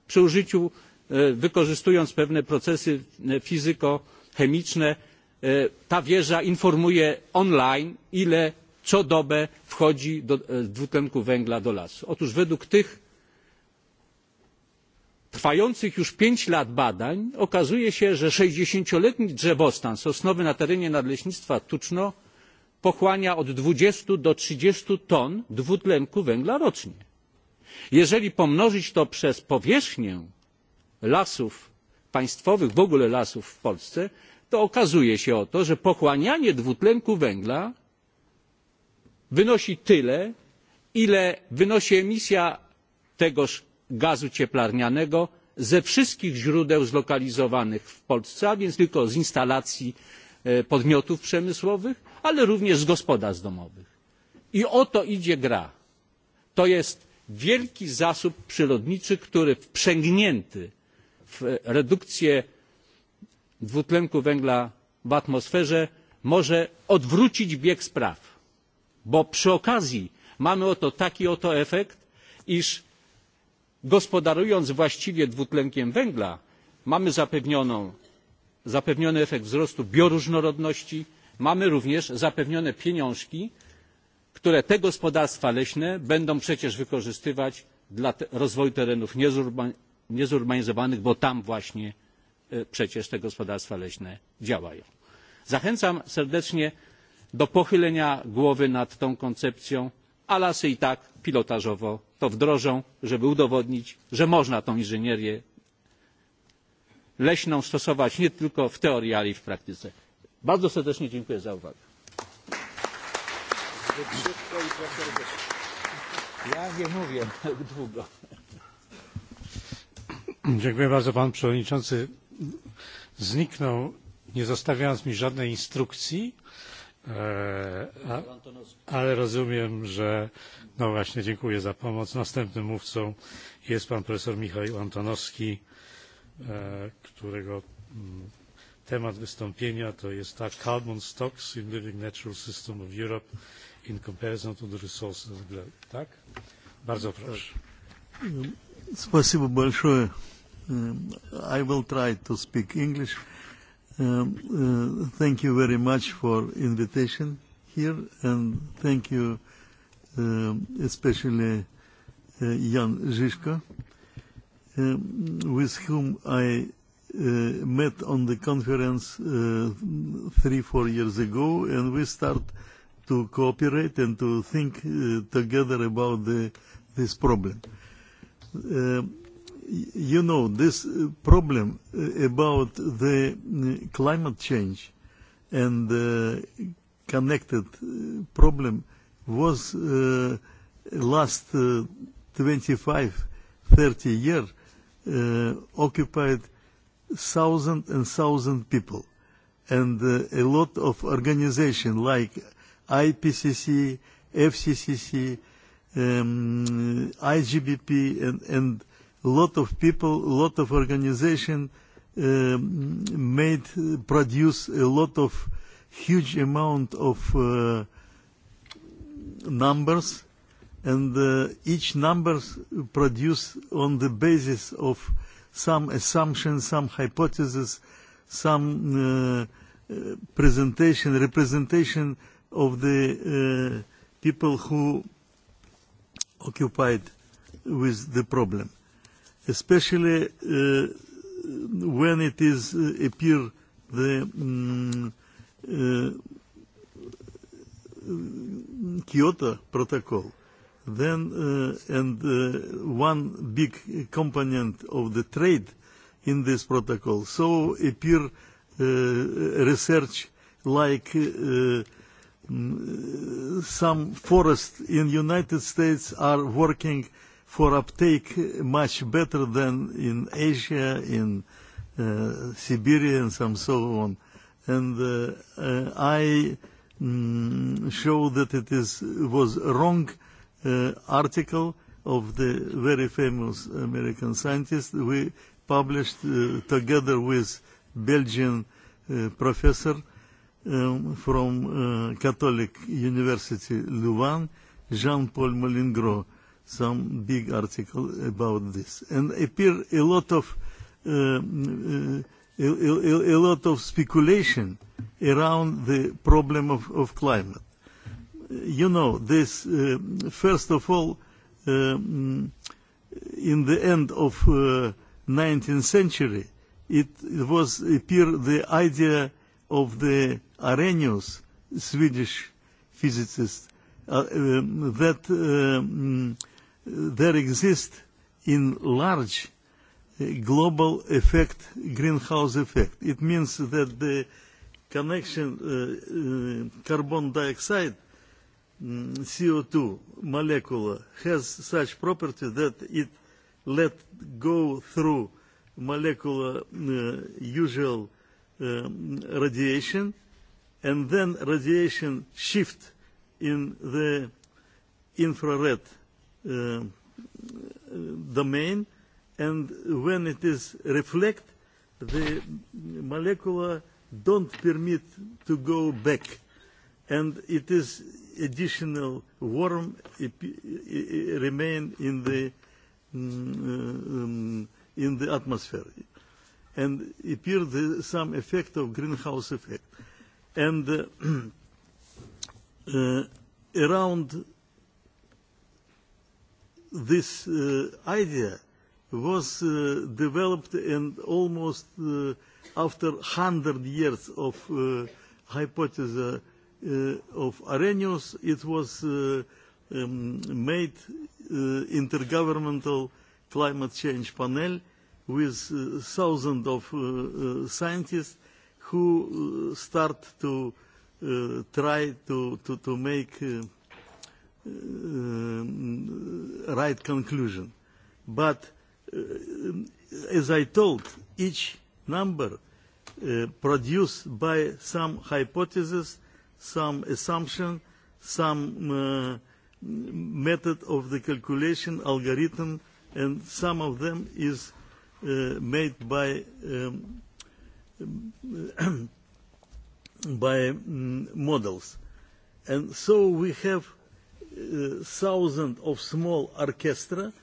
przy użyciu e, wykorzystując pewne procesy e, fizyko chemiczne E, ta wieża informuje online ile co dobę wchodzi do, e, dwutlenku węgla do lasu. Otóż według tych trwających już pięć lat badań okazuje się, że 60-letni drzewostan sosnowy na terenie nadleśnictwa Tuczno pochłania od 20 do 30 ton dwutlenku węgla rocznie. Jeżeli pomnożyć to przez powierzchnię lasów państwowych, w ogóle lasów w Polsce, to okazuje się oto, że pochłanianie dwutlenku węgla wynosi tyle, ile wynosi emisja tegoż gazu cieplarnianego ze wszystkich źródeł zlokalizowanych w Polsce, a więc tylko z instalacji e, podmiotów przemysłowych, ale również z gospodarstw domowych. I o to idzie gra. To jest wielki zasób przyrodniczy, który wprzęgnięty w redukcję dwutlenku węgla w atmosferze może odwrócić bieg spraw bo przy okazji mamy oto taki oto efekt iż gospodarując właściwie dwutlenkiem węgla mamy zapewnioną, zapewniony efekt wzrostu bioróżnorodności mamy również zapewnione pieniążki które te gospodarstwa leśne będą przecież wykorzystywać dla rozwoju terenów niezurbanizowanych bo tam właśnie E, przecież te gospodarstwa leśne działają. Zachęcam serdecznie do pochylenia głowy nad tą koncepcją, a lasy i tak pilotażowo to wdrożą, żeby udowodnić, że można tą inżynierię leśną stosować nie tylko w teorii, ale i w praktyce. Bardzo serdecznie dziękuję za uwagę. Ja nie mówię długo. Dziękuję bardzo panu przewodniczący zniknął, nie zostawiając mi żadnej instrukcji, eh, a, ale rozumiem, że no właśnie vlastně dziękuję za pomoc. Następnym mówcą jest pan profesor Michał Antonowski, eh, którego hm, temat wystąpienia to jest ta carbon stocks in living natural system of Europe in comparison to the resources of the globe. Tak? Bardzo proszę. Спасибо большое. Um, uh, I will try to speak English. Um, uh, thank you very much for invitation here, and thank you um, especially uh, Jan Žižka, um, with whom I uh, met on the conference uh, three, four years ago, and we start to cooperate and to think uh, together about the, this problem. Um, you know, this uh, problem uh, about the mm, climate change and the connected uh, problem was uh, last uh, 25, 30 years uh, occupied thousand and thousand people. And uh, a lot of organisation like IPCC, FCCC, um, IGBP, and, and lot of people, lot of organization uh, made, produce a lot of huge amount of uh, numbers and uh, each numbers produced on the basis of some assumptions, some hypotheses, some uh, uh, presentation, representation of the uh, people who occupied with the problem especially uh, when it is uh, appear the um, uh, Kyoto Protocol, then uh, and uh, one big component of the trade in this protocol. So appear uh, research like uh, mm, some forests in United States are working uh, for uptake much better than in Asia, in uh, Siberia, and some so on. And uh, uh, I mm, show that it is was wrong uh, article of the very famous American scientist we published uh, together with Belgian uh, professor um, from uh, Catholic University Louvain, Jean-Paul Molingro some big article about this. And appear a lot of uh, uh, uh, a, a, a lot of speculation around the problem of, of climate. You know, this uh, first of all, um, in the end of uh, 19th century, it, it was appear the idea of the Arrhenius, Swedish physicist, uh, um, that um, there exists in large eh, global effect, greenhouse effect. It means that the connection uh, uh, carbon dioxide, um, mm, CO2 molecule has such property that it let go through molecular uh, usual um, radiation and then radiation shift in the infrared uh, Uh, uh, domain, and when it is reflect, the molecular don't permit to go back, and it is additional warm remain in the mm, uh, um, in the atmosphere, and appear the, some effect of greenhouse effect, and uh, uh, around this uh, idea was uh, developed and almost uh, after 100 years of uh, hypothesis uh, of Arrhenius, it was uh, um, made uh, intergovernmental climate change panel with uh, thousands of uh, uh, scientists who uh, start to uh, try to, to, to make uh, uh, right conclusion. But uh, as I told, each number uh, produced by some hypothesis, some assumption, some uh, method of the calculation algorithm, and some of them is uh, made by um, by um, models. And so we have uh, thousands of small orchestra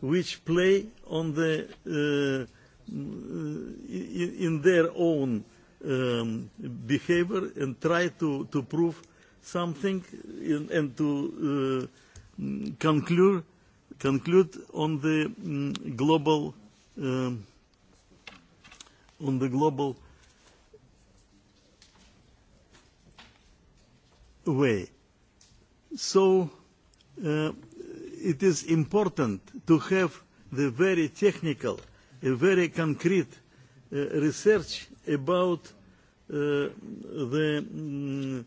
which play on the uh, uh, in, in their own um, behavior and try to, to prove something in, and to uh, conclude conclude on the um, global um, on the global way. So uh, it is important to have the very technical, a very concrete uh, research about uh, the um,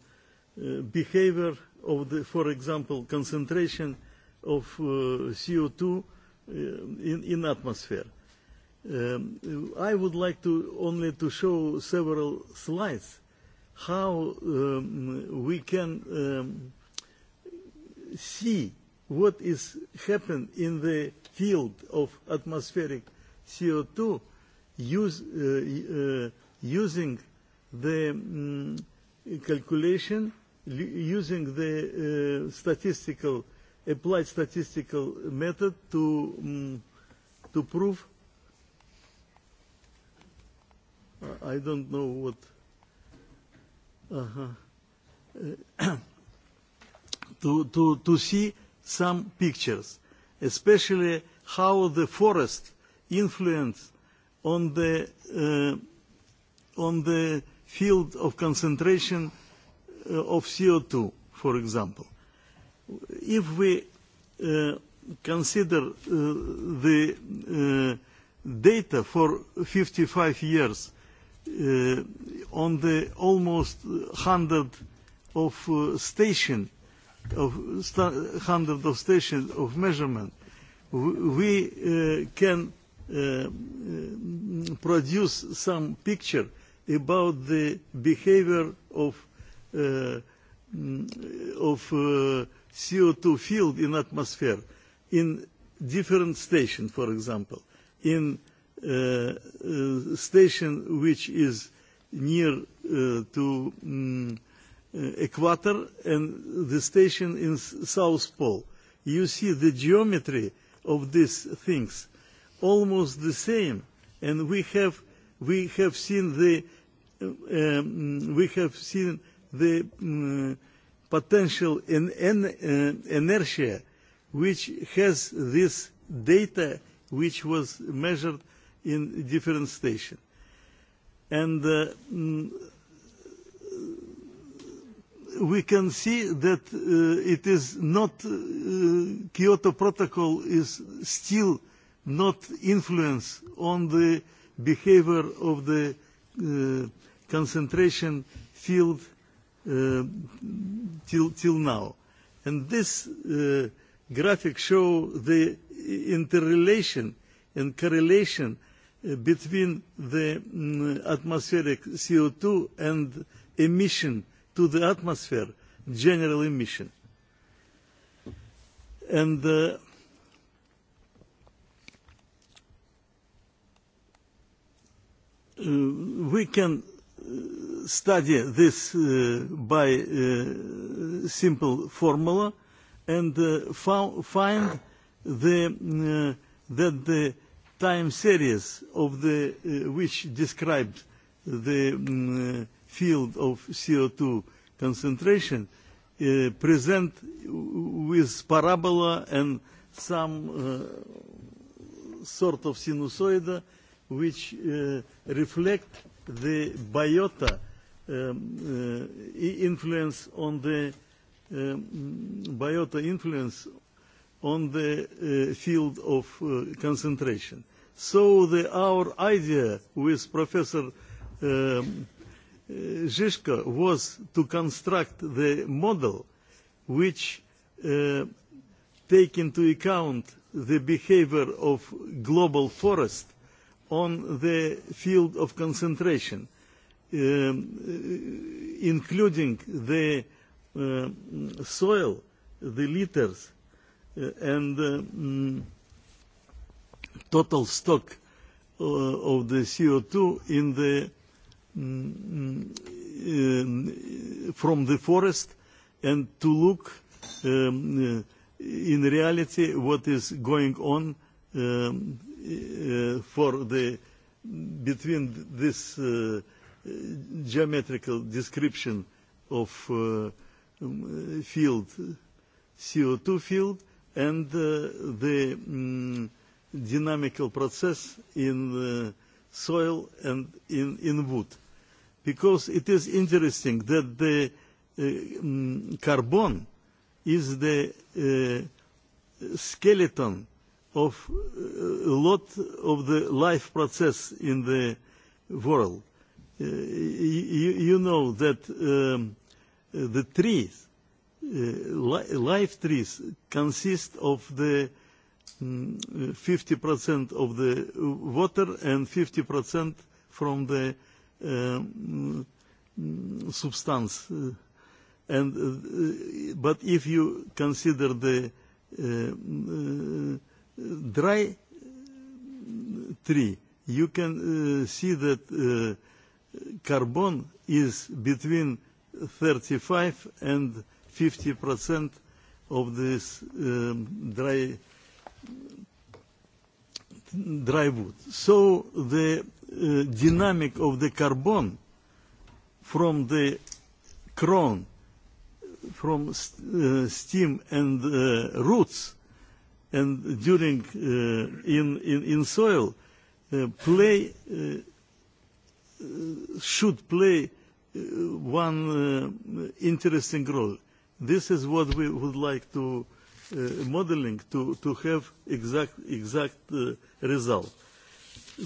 uh, behavior of the, for example, concentration of uh, CO2 uh, in, in atmosphere. Um, I would like to only to show several slides how um, we can um, see what is happen in the field of atmospheric CO2 use, uh, uh, using the um, calculation, using the uh, statistical, applied statistical method to, um, to prove I don't know what. Uh-huh. uh huh to, to, to see some pictures, especially how the forest influence on the, uh, on the field of concentration uh, of CO2, for example. If we uh, consider uh, the uh, data for 55 years uh, on the almost 100 of uh, stations of standard of station of measurement, we uh, can uh, mm, produce some picture about the behavior of uh, of uh, CO2 field in atmosphere in different station, for example, in uh, uh, station which is near uh, to um, Uh, equator and the station in South Pole. You see the geometry of these things almost the same, and we have we have seen the uh, um, we have seen the um, potential in, in, uh, inertia which has this data which was measured in different station. And uh, mm, we can see that uh, it is not uh, Kyoto Protocol is still not influence on the behavior of the uh, concentration field uh, till, till now. And this uh, graphic show the interrelation and correlation uh, between the um, atmospheric CO2 and emission to the atmosphere, general emission. And uh, uh, we can uh, study this uh, by uh, simple formula and uh, fo find the, uh, that the time series of the uh, which described the mm, uh, field of CO2 concentration uh, present with parabola and some uh, sort of sinusoid which uh, reflect the biota um, uh, influence on the um, biota influence on the uh, field of uh, concentration. So the, our idea with Professor um, Eh, Zizko was to construct the model which uh, take into account the behavior of global forest on the field of concentration, um, including the uh, soil, the litters, uh, and uh, um, total stock uh, of the CO2 in the um, from the forest and to look um, uh, in reality what is going on um, uh, for the between this uh, geometrical description of uh, um, field CO2 field and uh, the um, dynamical process in uh, soil and in, in wood because it is interesting that the uh, um, carbon is the uh, skeleton of uh, a lot of the life process in the world. Uh, you, you know that um, the trees, uh, li live trees, consist of the um, mm, 50% uh, of the water and 50% from the uh, uh, substance. Uh, and uh, but if you consider the uh, uh, dry tree, you can uh, see that uh, carbon is between 35 and 50 percent of this um, dry dry wood. So the uh, э, dynamic of the carbon from the crown, from st uh, э, stem and uh, roots, and during uh, in, in in soil, uh, play uh, should play uh, one uh, interesting role. This is what we would like to uh, modeling to to have exact exact uh, result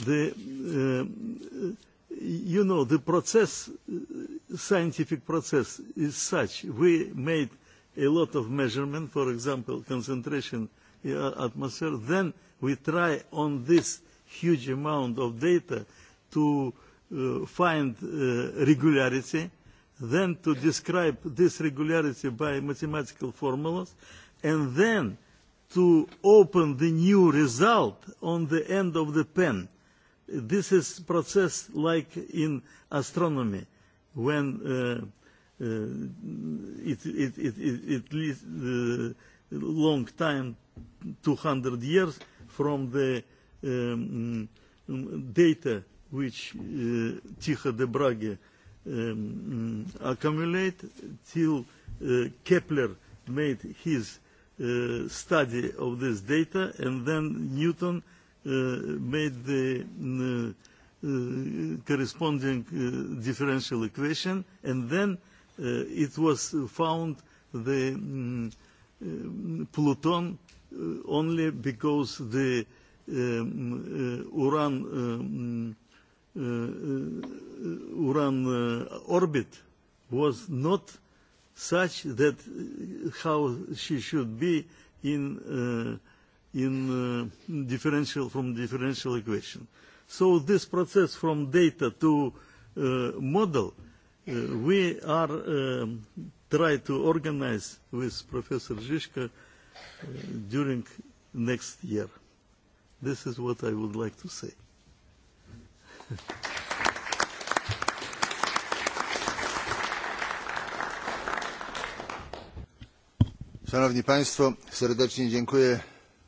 the uh, you know the process scientific process is such we made a lot of measurement for example concentration in atmosphere then we try on this huge amount of data to uh, find uh, regularity then to describe this regularity by mathematical formulas and then to open the new result on the end of the pen this is process like in astronomy when uh, uh, it, it, it, it, it leads uh, long time, 200 years from the um, data which uh, Tycho de Brage um, accumulate till uh, Kepler made his uh, study of this data and then Newton uh, Э, made the э, э, corresponding differential equation, and then it was found the um, Pluton only because the um, uh, Uran um, uh, Uran uh, orbit was not such that how she should be in uh, in uh, differential from differential equation. So this process from data to uh, model, uh, we are uh, try to organize with Professor Zizka uh, during next year. This is what I would like to say. Szanowni Państwo, serdecznie dziękuję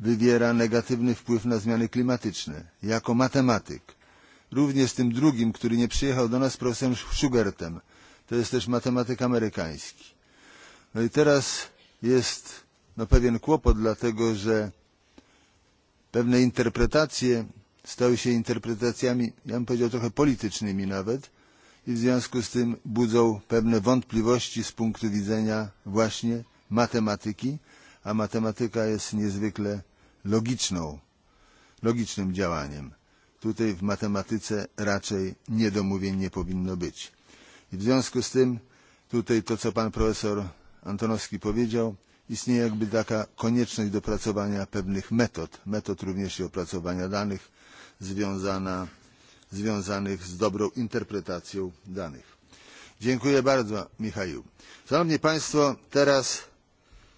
wywiera negatywny wpływ na zmiany klimatyczne. Jako matematyk, również tym drugim, który nie przyjechał do nas, profesorem Schugertem, to jest też matematyk amerykański. No i teraz jest no, pewien kłopot, dlatego że pewne interpretacje stały się interpretacjami, ja bym powiedział, trochę politycznymi nawet i w związku z tym budzą pewne wątpliwości z punktu widzenia właśnie matematyki a matematyka jest niezwykle logiczną, logicznym działaniem. Tutaj w matematyce raczej niedomówień nie powinno być. I w związku z tym tutaj to, co pan profesor Antonowski powiedział, istnieje jakby taka konieczność dopracowania pewnych metod, metod również i opracowania danych związana, związanych z dobrą interpretacją danych. Dziękuję bardzo, Michaju. Szanowni Państwo, teraz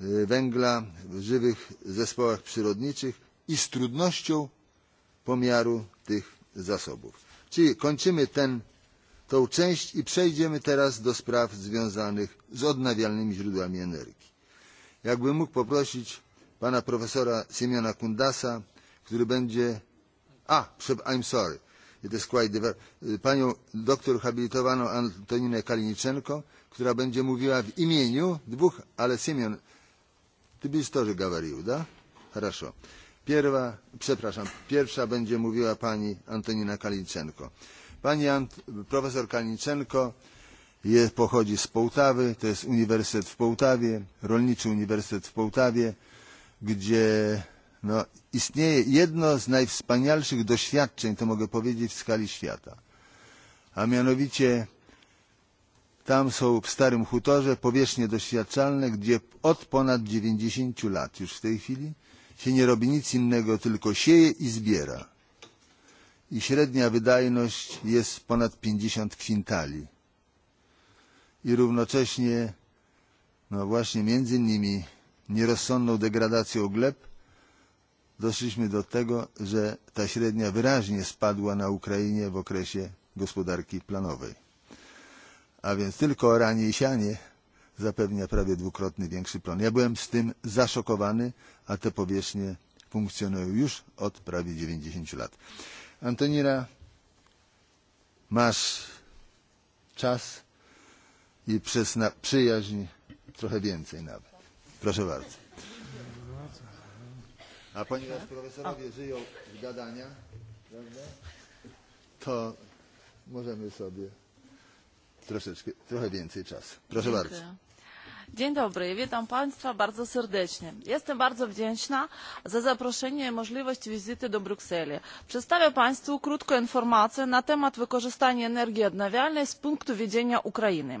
E, węgla w żywych zespołach przyrodniczych i z trudnością pomiaru tych zasobów. Czyli kończymy ten, tą część i przejdziemy teraz do spraw związanych z odnawialnymi źródłami energii. Jakbym mógł poprosić pana profesora Siemiona Kundasa, który będzie... A, I'm sorry. It is quite different. Panią doktor habilitowaną Antoninę Kaliniczenko, która będzie mówiła w imieniu dwóch, ale Siemion ty byś też gawarił, da? Хорошо. Pierwa, przepraszam, pierwsza będzie mówiła pani Antonina Kalinczenko. Pani Ant, profesor Kalinczenko je, pochodzi z Połtawy, to jest Uniwersytet w Połtawie, Rolniczy Uniwersytet w Połtawie, gdzie no, istnieje jedno z najwspanialszych doświadczeń, to mogę powiedzieć, w skali świata. A mianowicie tam są w Starym Hutorze powierzchnie doświadczalne, gdzie od ponad 90 lat już w tej chwili się nie robi nic innego, tylko sieje i zbiera. I średnia wydajność jest ponad 50 kwintali. I równocześnie, no właśnie między innymi nierozsądną degradacją gleb, doszliśmy do tego, że ta średnia wyraźnie spadła na Ukrainie w okresie gospodarki planowej a więc tylko oranie i sianie zapewnia prawie dwukrotnie większy plon. Ja byłem z tym zaszokowany, a te powierzchnie funkcjonują już od prawie 90 lat. Antonina, masz czas i przez na przyjaźń trochę więcej nawet. Proszę bardzo. A ponieważ profesorowie żyją w gadania, prawda, to możemy sobie troszeczkę, trochę więcej czasu. Proszę Dziękuję. bardzo. Dzień dobry, witam Państwa bardzo serdecznie. Jestem bardzo wdzięczna za zaproszenie i możliwość wizyty do Brukseli. Przedstawię Państwu krótką informację na temat wykorzystania energii odnawialnej z punktu widzenia Ukrainy.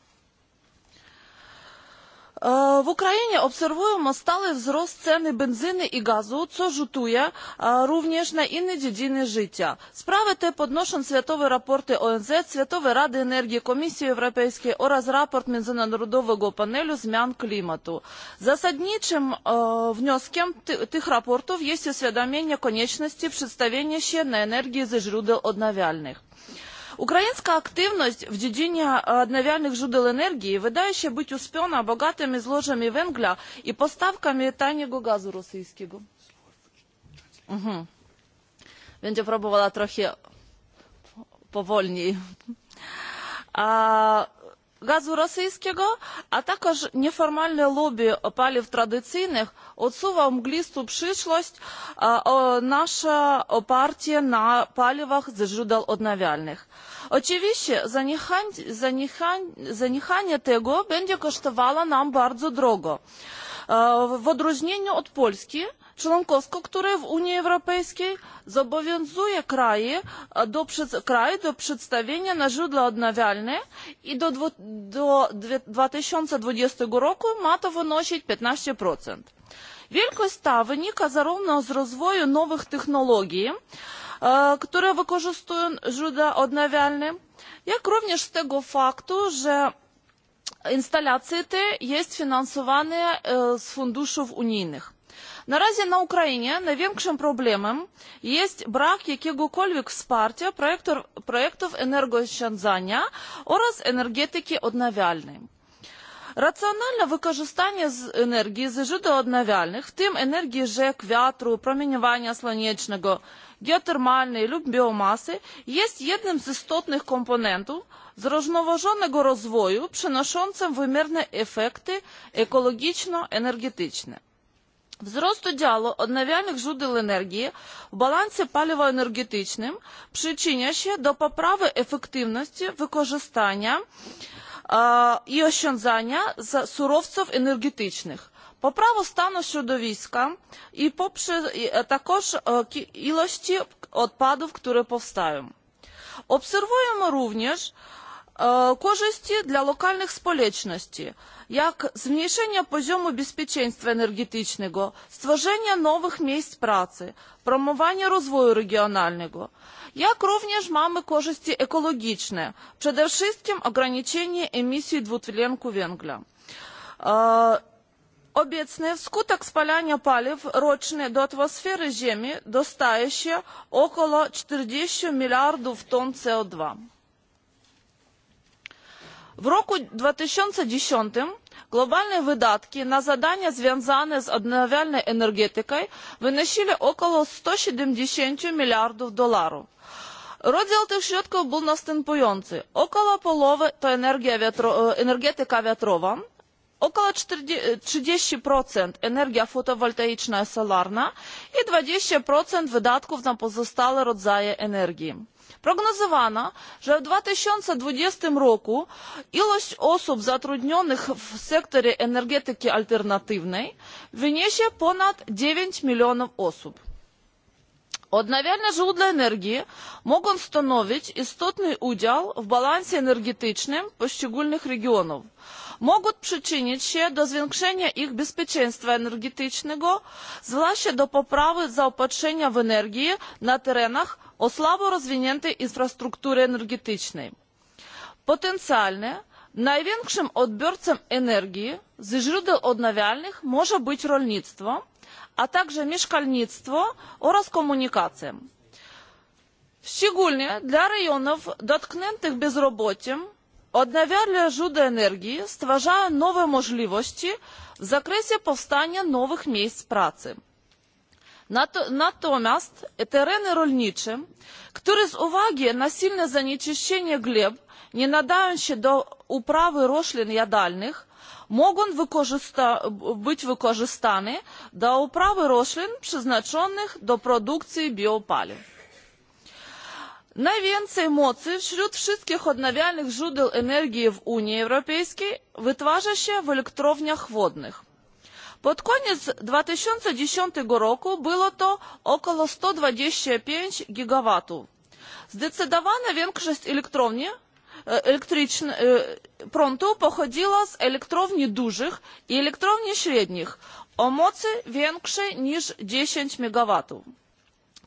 W Ukrainie obserwujemy stały wzrost ceny benzyny i gazu, co rzutuje rovněž na inne dziedziny života. Sprawę tę podnoszą světové raporty ONZ, Světové Rady Energii, Komisji Europejskiej oraz raport Międzynarodowego Panelu Zmian Klimatu. Zasadniczym wnioskiem tych je jest uświadomienie konečnosti představení, się na energii ze źródeł odnawialnych Украинская активность в dziedzinie odnawialnych źródeł energii wydaje się być uspiona bogatymi złożami węgla i postawkami taniego gazu rosyjskiego. Mhm. Będzie próbowała trochę powolniej. A gazu rosyjskiego, a także nieformalne lobby paliw tradycyjnych odsuwa w mglistą przyszłość nasze oparcie na paliwach ze źródeł odnawialnych Oczywiście zaniechanie tego będzie kosztowało nam bardzo drogo. E, w odróżnieniu od Polski członkowsko, które w Unii Europejskiej zobowiązuje kraje e, do, kraje do przedstawienia na źródła odnawialne i do, do 2020 roku ma to wynosić 15%. Wielkość ta wynika zarówno z rozwoju nowych technologii, które wykorzystują źródła odnawialne jak również z tego faktu że instalacje te są finansowane z funduszy unijnych. Na razie na Ukrainie największym problemem jest brak jakiegokolwiek wsparcia projektów energooszczędzania oraz energetyki odnawialnej Рациональне використання енергії з жидоодновяльних, в тим енергії ЖЕК, вятру, промінювання сонячного, геотермальної lub biomasy jest jednym z istotnych komponentów zrównoważonego rozwoju przynoszącym wymierne efekty ekologiczno-energetyczne. Wzrost udziału odnawialnych źródeł energii w balansie paliwowo-energetycznym przyczynia się do poprawy efektywności wykorzystania і oszczędzania surowców energetycznych. Poprawa stanu środowiska i також ilości odpadów, które powstają. Obserwujemy również korzyści dla lokalnych społeczności, jak zmniejszenie poziomu bezpieczeństwa energetycznego, stworzenie nowych miejsc pracy, promowanie rozwoju regionalnego. Jak również mamy korzyści ekologiczne, przede wszystkim ograniczenie emisji dwutlenku węgla. E, Obecnie skutek spalania paliw rocznie do atmosfery Ziemi dostaje się około 40 miliardów ton CO2 W roku 2010 globalne wydatki na zadania związane z odnawialną energetyką wynosiły około 170 miliardów dolarów. Rozdział tych środków był następujący. Około połowy to energia wiatro, e, energetyka wiatrowa, około 30% e, energia fotowoltaiczna i solarna i 20% wydatków na pozostałe rodzaje energii Прогнозовано, że w 2020 roku ilość osób zatrudnionych w sektorze energetyki alternatywnej wyniesie ponad 9 milionów osób. Odnawialne źródła energii mogą stanowić istotny udział w balansie energetycznym poszczególnych regionów. Mogą przyczynić się do zwiększenia ich bezpieczeństwa energetycznego, zwłaszcza do poprawy zaopatrzenia w energię na terenach o о rozwiniętej infrastrukturze energetycznej. Potencjalnie największym odbiorcą energii ze źródeł odnawialnych może być rolnictwo, a także mieszkalnictwo oraz komunikacja. Szczególnie dla rejonów dotkniętych bezrobociem odnawialne źródła energii stwarzają nowe możliwości w zakresie powstania nowych miejsc pracy natomiast tereny rolnicze które z uwagi na silne zanieczyszczenie gleb nie nadają się do uprawy roślin jadalnych mogą wykorzysta być wykorzystane do uprawy roślin przeznaczonych do produkcji biopaliw. Najwięcej mocy wśród wszystkich odnawialnych źródeł energii w Unii Europejskiej wytwarza się w elektrowniach wodnych pod koniec 2010 roku było to około 125 gigawatów. Zdecydowana większość elektrowni elektrycznych prądu pochodziła z elektrowni dużych i elektrowni średnich o mocy większej niż 10 megawatów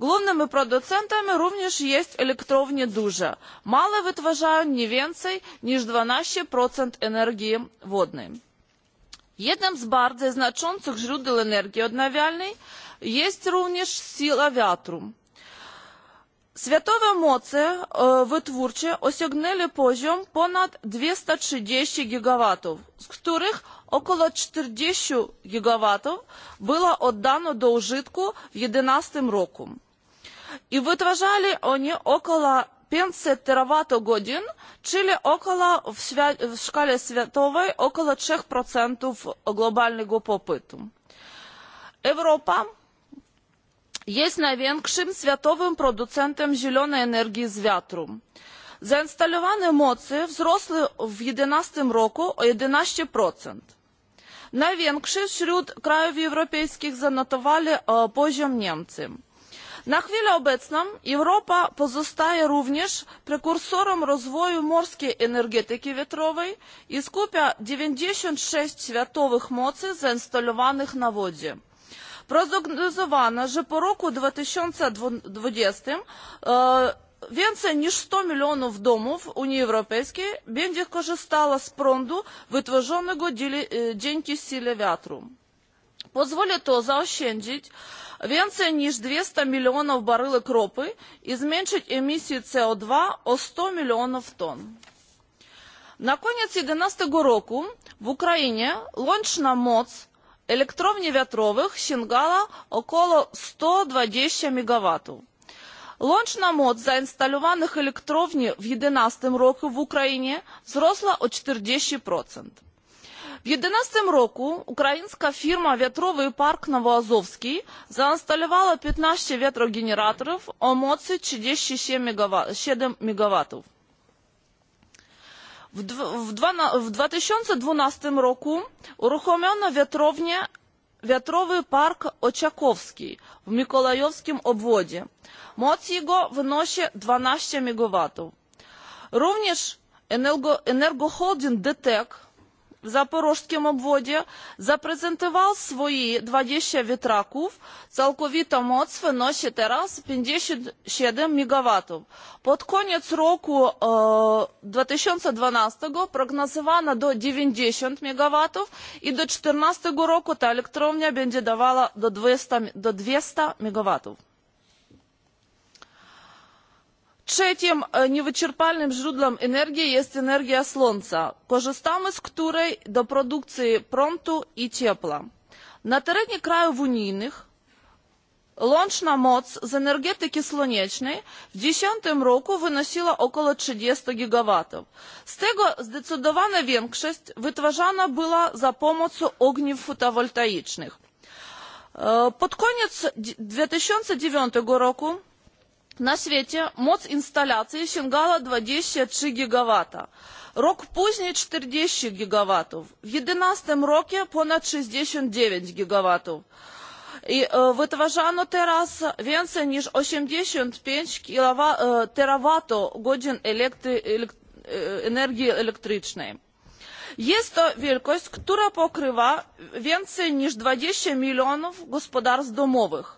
Głównymi producentami również jest elektrownie duże. Małe wytwarzają nie więcej niż 12% energii wodnej. Jednym z bardziej znaczących źródeł energii odnawialnej jest również siła wiatru. Światowe moce e, wytwórcze osiągnęły poziom ponad 230 gigawatów, z których około 40 gigawatów było oddano do użytku w 2011 roku и выражали они около 500 тераватт-годин, čili около, в, свя- в шкале световой около 3% глобального попыту. Европа jest największym światowym producentem zelené energie z wiatru. Zainstalované moci vzrostly v dwa tysiące jedenaście roku o jedenaście największy wśród krajów europejskich zanotowali poziom niemcy na chwilę obecną europa pozostaje również prekursorem rozwoju morskiej energetyki wiatrowej i skupia dziewięćdzisiąt sześć światowych mocy zainstalowanych na wodzie. prognozowano że po roku dwa tysiące dwadzieścia e, więcej niż sto milionów domów w unii europejskiej będzie korzystało z prądu wytworzonego e, dzięki sile wiatru. pozwoli to zaoszczędzić Więcej niż 200 milionů baryłek ropy a zmenšit emisję CO2 o 100 milionů ton. Na koniec 2011 roku v Ukrajině łączna moc elektrowni větrových šingala okolo 120 MW. Łączna moc zainstalowanych elektrowni v 2011 roku v Ukrajině wzrosła o 40% w jedenaście roku ukraińska firma wiatrowy park nowoazowski zainstalowała piętnaście wiatrogeneratorów o mocy trzydzieści siedem megawatów. w dwa tysiące dwanaście roku uruchomiono wiatrownię wiatrowy park oczakowski w mikołajowskim obwodzie. moc jego wynosi dwanaście megawatów. również energo holding dtec w zaporożskim obwodzie zaprezentował swoje dwadzieścia wiatraków całkowita moc wynosi teraz pięćdziesiąt siedem megawatów. pod koniec roku dwa tysiące dwanaście prognozowano do dziewięćdzisiąt megawatów i do dwa tysiące czternaście roku ta elektrownia będzie dawała do dwieście megawatów trzecim niewyczerpalnym źródłem energii jest energia słońca korzystamy z której do produkcji prądu i ciepła. na terenie krajów unijnych łączna moc z energetyki słonecznej w dwa tysiące dziesięć roku wynosiła około trzydzieści gigawatów z tego zdecydowana większość wytwarzana była za pomocą ogniw fotowoltaicznych. pod koniec dwa tysiące dziewięć roku на świecie moc instalacji sięgała dwadzieścia trzy gigawata rok później czterdzieści gigawatów w jedenastym roku ponad sześćdziesiąt dziewięć gigawatów i wytwarzano teraz więcej niż osiemdziesiąt pięć terawatogodzin energii elektrycznej. jest to wielkość która pokrywa więcej niż dwadzieścia milionów gospodarstw domowych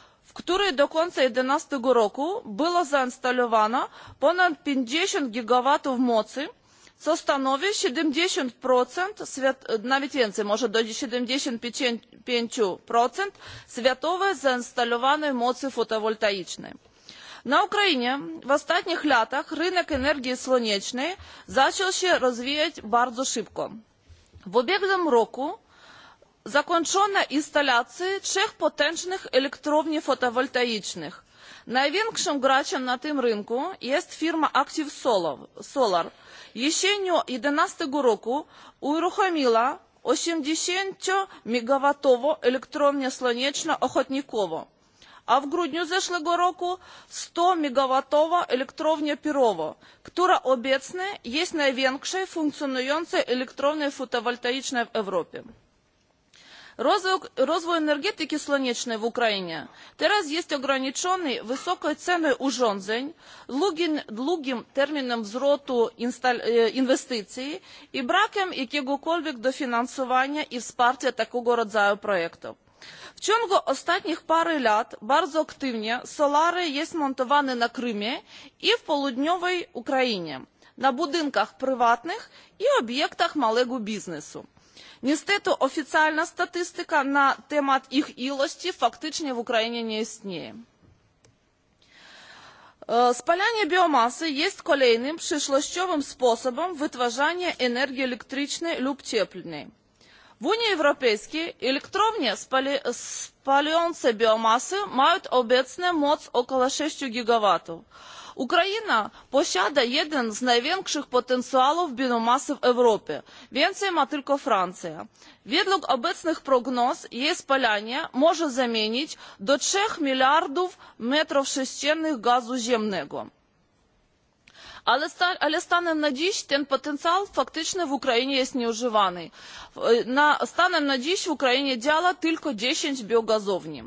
w której do końca 2011 roku było zainstalowano ponad 50 gigawatów mocy, co stanowi 70%, świat, nawet więcej, może do 75% światowej zainstalowanej mocy fotowoltaicznej. Na Ukrainie w ostatnich latach rynek energii słonecznej zaczął się rozwijać bardzo szybko. W ubiegłym roku zakończono instalację trzech potężnych elektrowni fotowoltaicznych. największym graczem na tym rynku jest firma active solar. jesienią dwa tysiące jedenaście roku uruchomiła osiemdziesiąt megawatową elektrownię słoneczną ochotnikowo a w grudniu zeszłego roku sto megawatową elektrownię pirowo która obecnie jest największą funkcjonującą elektrownią fotowoltaiczną w europie. Rozvoj розвой энергетики сланечной в Украине teraz jest ograniczony wysokiej ceny urządzeń, długim, długim terminem wzrostu inwestycji i brakiem jakiegokolwiek dofinansowania i wsparcia takiego rodzaju projektów. W ciągu ostatnich pary lat bardzo aktywnie solary jest montowane na Krymie i w południowej Ukrainie, na budynkach prywatnych i obiektach małego biznesu Niestety oficjalna statystyka na temat ich ilości faktycznie w Ukrainie nie istnieje. Spalanie biomasy jest kolejnym przyszłościowym sposobem wytwarzania energii elektrycznej lub cieplnej. W Unii Europejskiej elektrownie spali spalające biomasę mają obecnie moc około 6 gigawatów Ukraina posiada jeden z największych potencjałów biomasy w Europie. Więcej ma tylko Francja. Według obecnych prognoz jej spalanie może zamienić do trzy miliardów metrów sześciennych gazu ziemnego. Ale, stanem na dziś ten potencjał faktycznie w Ukrainie jest nieużywany. stanem na dziś w Ukrainie działa tylko dziesięć biogazowni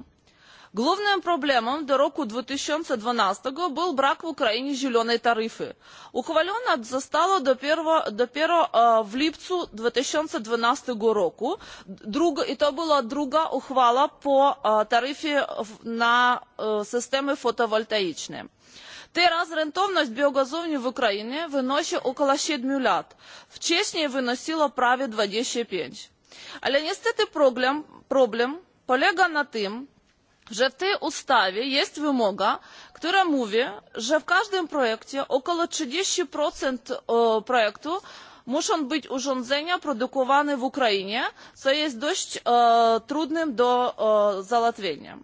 главным проблемом до roku dwa tysiące dwanaście był brak w ukrainie zielonej taryfy. uchwalona została dopiero, dopiero w lipcu dwa tysiące dwanaście roku druga, i to była druga uchwała po taryfie na systemy fotowoltaiczne. Teraz rentowność biogazowni w Ukrainie wynosi około 7 lat. Wcześniej wynosiła prawie 25. Ale niestety problem, problem polega na tym, że w tej ustawie jest wymoga która mówi że w każdym projekcie około trzydzieści e, projektu muszą być urządzenia produkowane w ukrainie co jest dość e, trudne do e, załatwienia.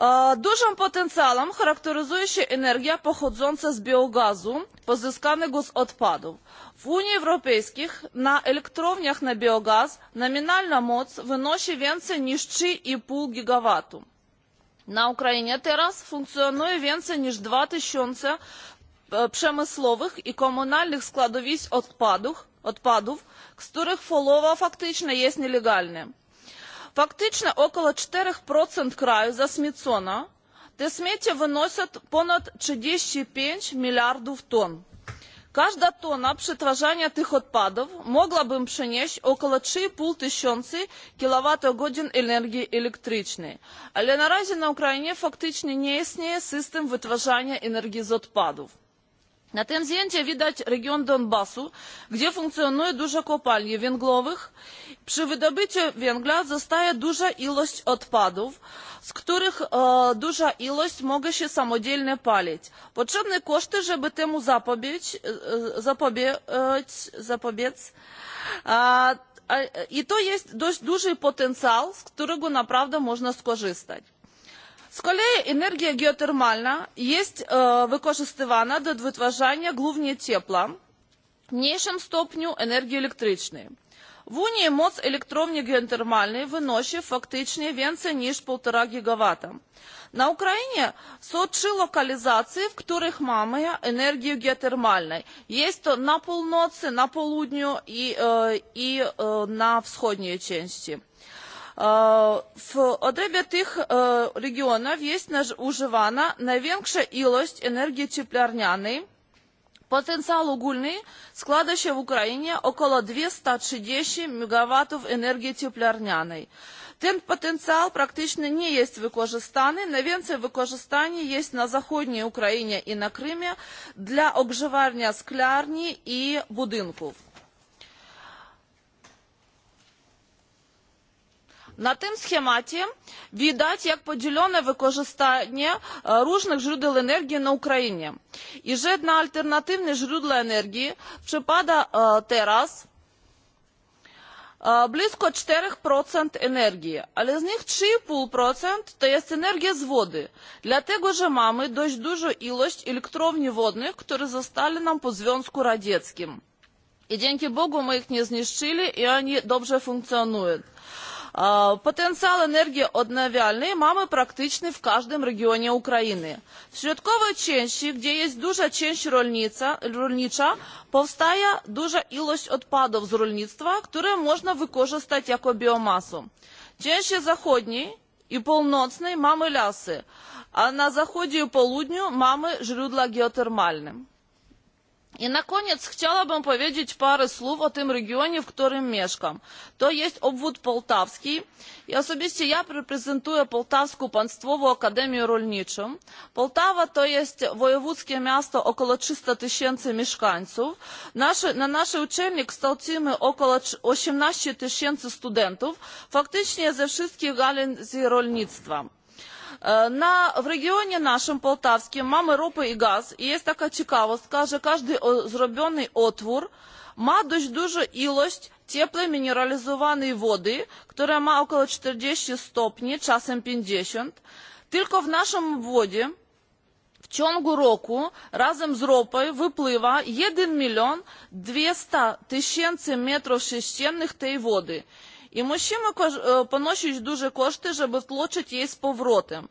E, dużym potencjałem charakteryzuje się energia pochodząca z biogazu pozyskanego z odpadów. W Unii Europejskiej na elektrowniach na biogaz nominalna moc wynosi więcej niż 3,5 gigawatu. Na Ukrainie teraz funkcjonuje więcej niż 2000 e, przemysłowych i komunalnych składowisk odpadów, odpadów z których połowa faktycznie jest nielegalna фактично около 4% краю засміцоно, те сміття виносять понад 35 мільярдів тонн. Każda tona przetwarzania tych odpadów mogłaby przynieść około 3,5 tysiąca kilowatogodzin energii elektrycznej, ale na razie na Ukrainie faktycznie nie istnieje system wytwarzania energii z odpadów na tym zdjęciu widać region donbasu gdzie funkcjonuje dużo kopalni węglowych. przy wydobyciu węgla zostaje duża ilość odpadów z których duża ilość może się samodzielnie palić. potrzebne koszty żeby temu zapobiec, i to jest dość duży potencjał z którego naprawdę można skorzystać z kolei energia geotermalna jest wykorzystywana do wytwarzania głównie ciepła, w mniejszym stopniu energii elektrycznej. W Unii moc elektrowni geotermalnej wynosi faktycznie więcej niż 1,5 gigawata. Na Ukrainie są trzy lokalizacje, w których mamy energię geotermalną. Jest to na północy, na południu i, na wschodniej części. W odrębie tych regionów jest używana największa ilość energii cieplarnianej. Potencjał ogólny składa się w Ukrainie około 230 MW energii cieplarnianej. Ten potencjał praktycznie nie jest wykorzystany. Najwięcej wykorzystania jest na zachodniej Ukrainie i na Krymie dla ogrzewania sklarni i budynków na tym schemacie widać jak podzielone wykorzystanie różnych źródeł energii na ukrainie i że na alternatywne źródła energii przypada teraz blisko cztery energii ale z nich trzy pięć to jest energia z wody dlatego że mamy dość dużą ilość elektrowni wodnych które zostały nam po związku radzieckim i dzięki bogu my ich nie zniszczyli i one dobrze funkcjonują. Потенциал энергии обновляальной mamy практичny w każdym regionie Ukrainy. W środkowej części, gdzie jest duża część rolnica, rolnicza, powstaje duża ilość odpadów z rolnictwa, które można wykorzystać jako biomasę. W części zachodniej i północnej mamy lasy, a na zachodzie i południu mamy źródła geotermalne i na koniec chciałabym powiedzieć parę słów o tym regionie, w którym mieszkam. To jest obwód poltawski i osobiście ja reprezentuję Poltawską Państwową Akademię Rolniczą. Poltawa to jest wojewódzkie miasto około 300 tysięcy mieszkańców. Nasze, na naszej uczelni kształcimy około 18 tysięcy studentów, faktycznie ze wszystkich galin rolnictwa Э, на, в регионе нашем полтавском мамы ропы и газ і є така цікавостка що кожен э, зроблений отвор ma dość dużą ilość cieplej mineralizowanej wody która ma około czterdzieści stopni czasem pięćdziesiąt tylko w naszym obwodzie w ciągu roku razem s ropou, vyplývá jeden milion dwieście tysięcy metrów sześciennych tej wody І мужчина э, поношують дуже кошти, щоб втлочити її з повротом.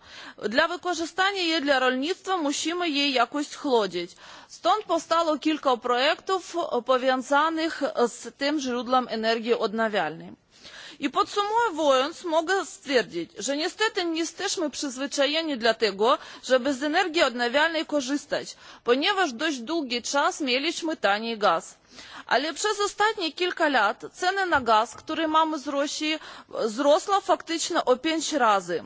Для використання її для rolnictwa musimy jej jakoś chłodzić. Stąd powstało kilka projektów powiązanych z tym źródłem energii odnawialnej. I podsumowując, mogę stwierdzić, że niestety nie jesteśmy przyzwyczajeni do tego, żeby z energii odnawialnej korzystać, ponieważ dość długi czas mieliśmy tani gaz ale przez ostatnie kilka lat ceny na gaz który mamy z rosji wzrosła faktycznie o pięć razy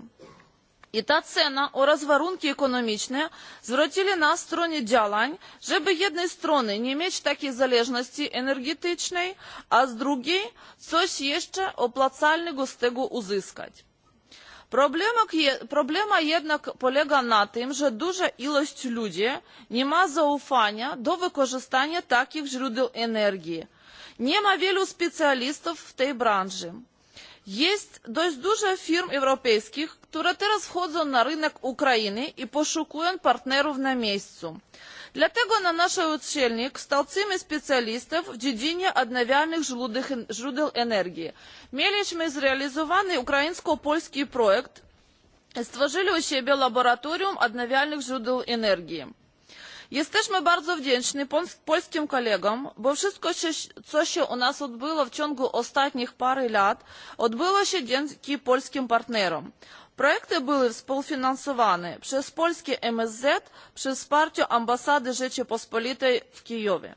i ta cena oraz warunki ekonomiczne zwrócili na w stronę działań żeby z jednej strony nie mieć takiej zależności energetycznej a z drugiej coś jeszcze opłacalnego z tego uzyskać problema jednak polega na tym, że duża ilość ludzi nie ma zaufania do wykorzystania takich źródeł energii. Nie ma wielu specjalistów w tej branży. Jest dość dużo firm europejskich, które teraz wchodzą na rynek Ukrainy i poszukują partnerów na miejscu dlatego na nasz uczelni kształcimy specjalistów w dziedzinie odnawialnych źródeł energii. mieliśmy zrealizowany ukraińsko polski projekt stworzyli u siebie laboratorium odnawialnych źródeł energii. Jesteśmy bardzo wdzięczni polskim kolegom, bo wszystko, co się u nas odbyło w ciągu ostatnich paru lat, odbyło się dzięki polskim partnerom. Проекти були співфінансовані через польське МСЗ, через партію амбасади Речі Посполітої в Києві.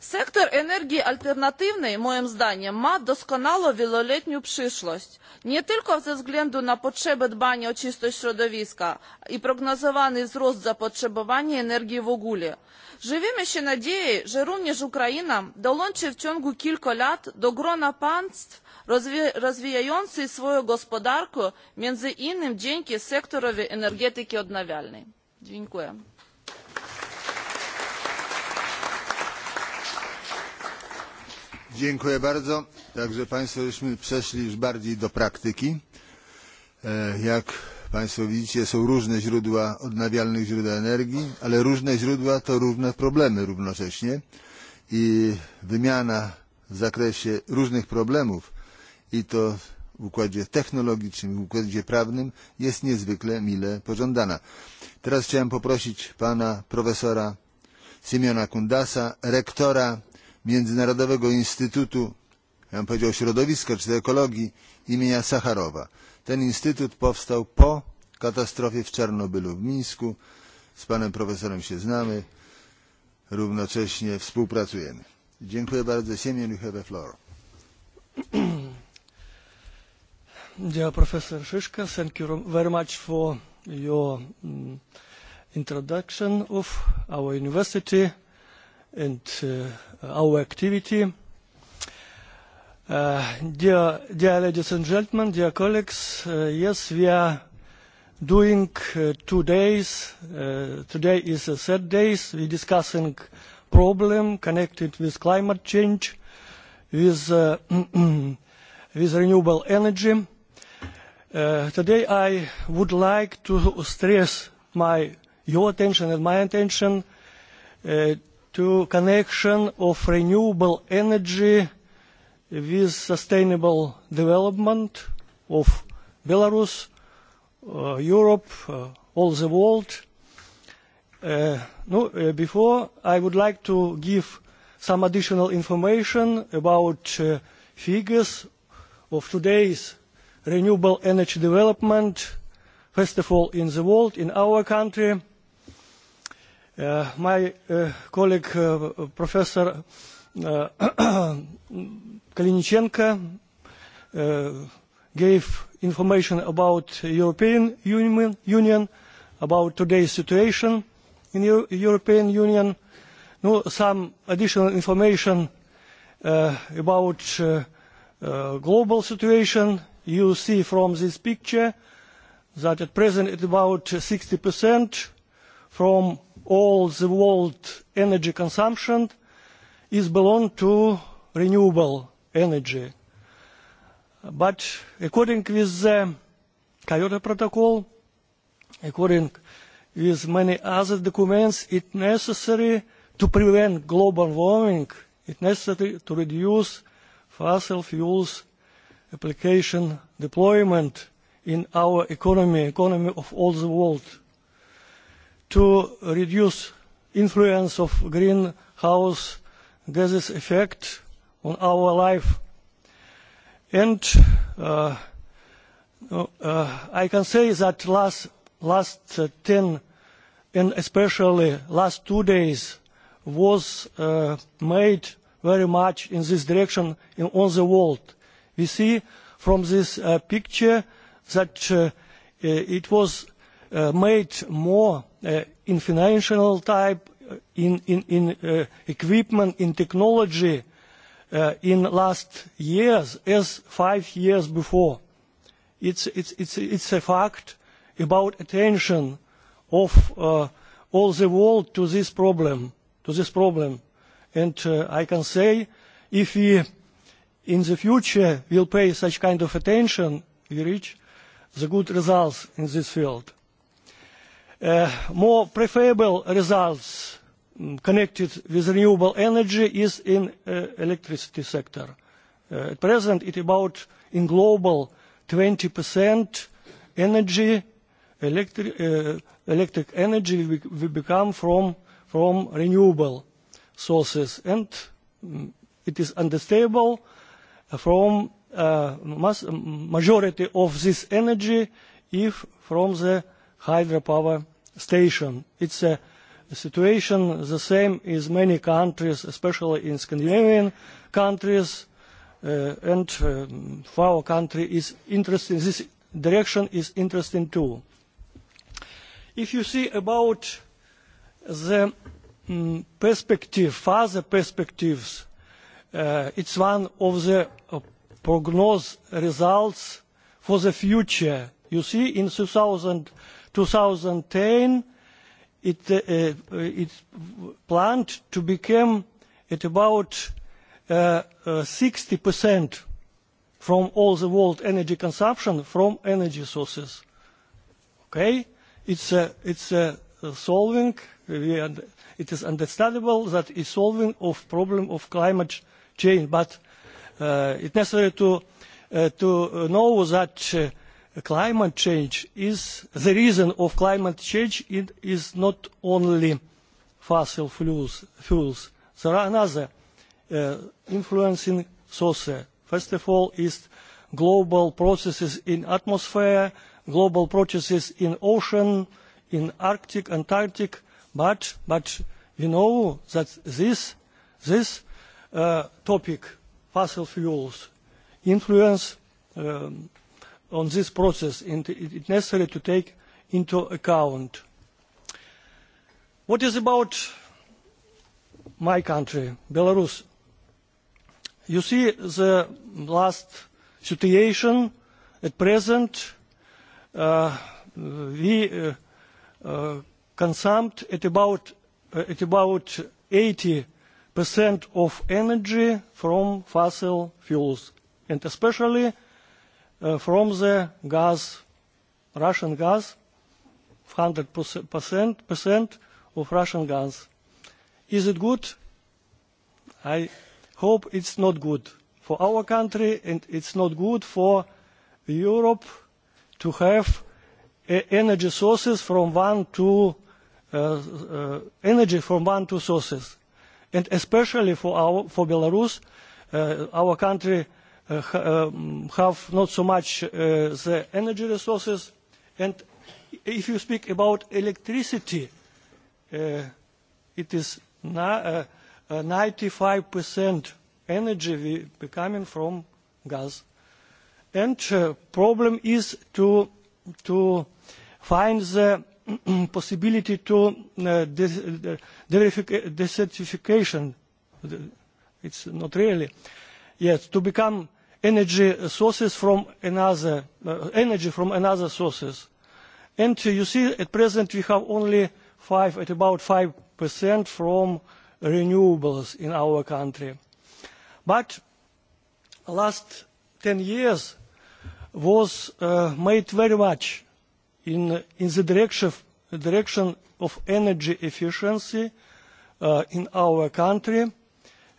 Сектор energii alternatywnej, moim zdaniem, ma doskonałą wieloletnią przyszłość. Nie tylko ze względu na potrzebę dbania o czystość środowiska i prognozowany wzrost zapotrzebowania energii w ogóle. Żywimy się nadziei, że również Ukraina dołączy w ciągu kilku lat do grona państw rozwijającej swoją gospodarkę między innym dzięki sektorowi energetyki odnawialnej. Dziękuję. Dziękuję bardzo. Także Państwo żeśmy przeszli już bardziej do praktyki. E, jak Państwo widzicie, są różne źródła odnawialnych źródeł energii, ale różne źródła to równe problemy równocześnie i wymiana w zakresie różnych problemów i to w układzie technologicznym, w układzie prawnym jest niezwykle mile pożądana. Teraz chciałem poprosić pana profesora Simiona Kundasa, rektora Międzynarodowego Instytutu, ja bym powiedział środowiska czy ekologii imienia Sacharowa. Ten instytut powstał po katastrofie w Czarnobylu w Mińsku. Z panem profesorem się znamy, równocześnie współpracujemy. Dziękuję bardzo. Simeon, you have the floor. Dear Professor Shishka, thank you very much for your um, introduction of our university and uh, our activity. Uh, dear, dear ladies and gentlemen, dear colleagues, uh, yes, we are doing uh, two days. Uh, today is the third day. We're discussing problem connected with climate change, with, uh, with renewable energy Eh, today I would like to stress my, your attention and my attention uh, to connection of renewable energy with sustainable development of Belarus, uh, Europe, all the world. No, before, I would like to give some additional information about figures of today's renewable energy development, first of all in the world, in our country. Uh, my uh, colleague, uh, Professor uh, Kalinichenko, uh, gave information about European Union, Union about today's situation in the European Union. No, some additional information uh, about uh, uh, global situation you see from this picture that at present it's about 60% from all the world energy consumption is belong to renewable energy. But according with the Kyoto Protocol, according with many other documents, it necessary to prevent global warming, it necessary to reduce fossil fuels application deployment in our economy, economy of all the world, to reduce influence of greenhouse gases effect on our life. And uh, uh, uh I can say that last, last uh, 10 and especially last two days was uh, made very much in this direction in all the world We see from this uh, picture that uh, uh it was uh, made more uh, in financial type, uh, in, in, in equipment, in technology in last years as five years before. It's, it's, it's, it's a fact about attention of all the world to this problem. To this problem. And I can say if we in the future will pay such kind of attention, we reach the good results in this field. Uh, more preferable results mm, connected with renewable energy is in uh, electricity sector. Uh, at present, it about in global 20% energy, electric, uh, electric energy we, become from, from renewable sources, and um, it is understandable from uh, mass, majority of this energy if from the hydropower station. It's a situation the same as many countries, especially in Scandinavian countries, uh, and uh, for our country is interesting. This direction is interesting too. If you see about the um, perspective, further perspectives Uh, it's one of the uh, prognose results for the future. You see, in 2000, 2010, it, uh, uh, it's planned to become at about uh, uh, 60% from all the world energy consumption from energy sources. Okay? It's, uh, it's uh, solving, uh, it is understandable that it's solving of problem of climate change, but uh, eh, it's necessary to, uh, to know that uh, climate change is the reason of climate change it is not only fossil fuels. fuels. There are another uh, influencing sources. First of all is global processes in atmosphere, global processes in ocean, in Arctic, Antarctic, but, but we know that this, this Uh, topic, fossil fuels, influence um, on this process, and it is necessary to take into account. What is about my country, Belarus? You see the last situation at present, uh, we uh, uh, consumed at about, uh, at about 80 percent of energy from fossil fuels, and especially uh, from the gas, Russian gas, 100% percent, percent of Russian gas. Is it good? I hope it's not good for our country, and it's not good for Europe to have uh, energy sources from one to uh, uh, energy from one to sources and especially for, our, for Belarus, uh, our country uh, um, have not so much uh, the energy resources. And if you speak about electricity, uh, it is 95% uh, uh, energy we coming from gas. And problem is to, to find the Mm, possibility to uh, desertification, it's not really, yes, to become energy sources from another, uh, energy from another sources. And uh, you see at present we have only five, at about 5% from renewables in our country. But last 10 years was uh, made very much in, in the direction, direction of energy efficiency uh, in our country. Uh,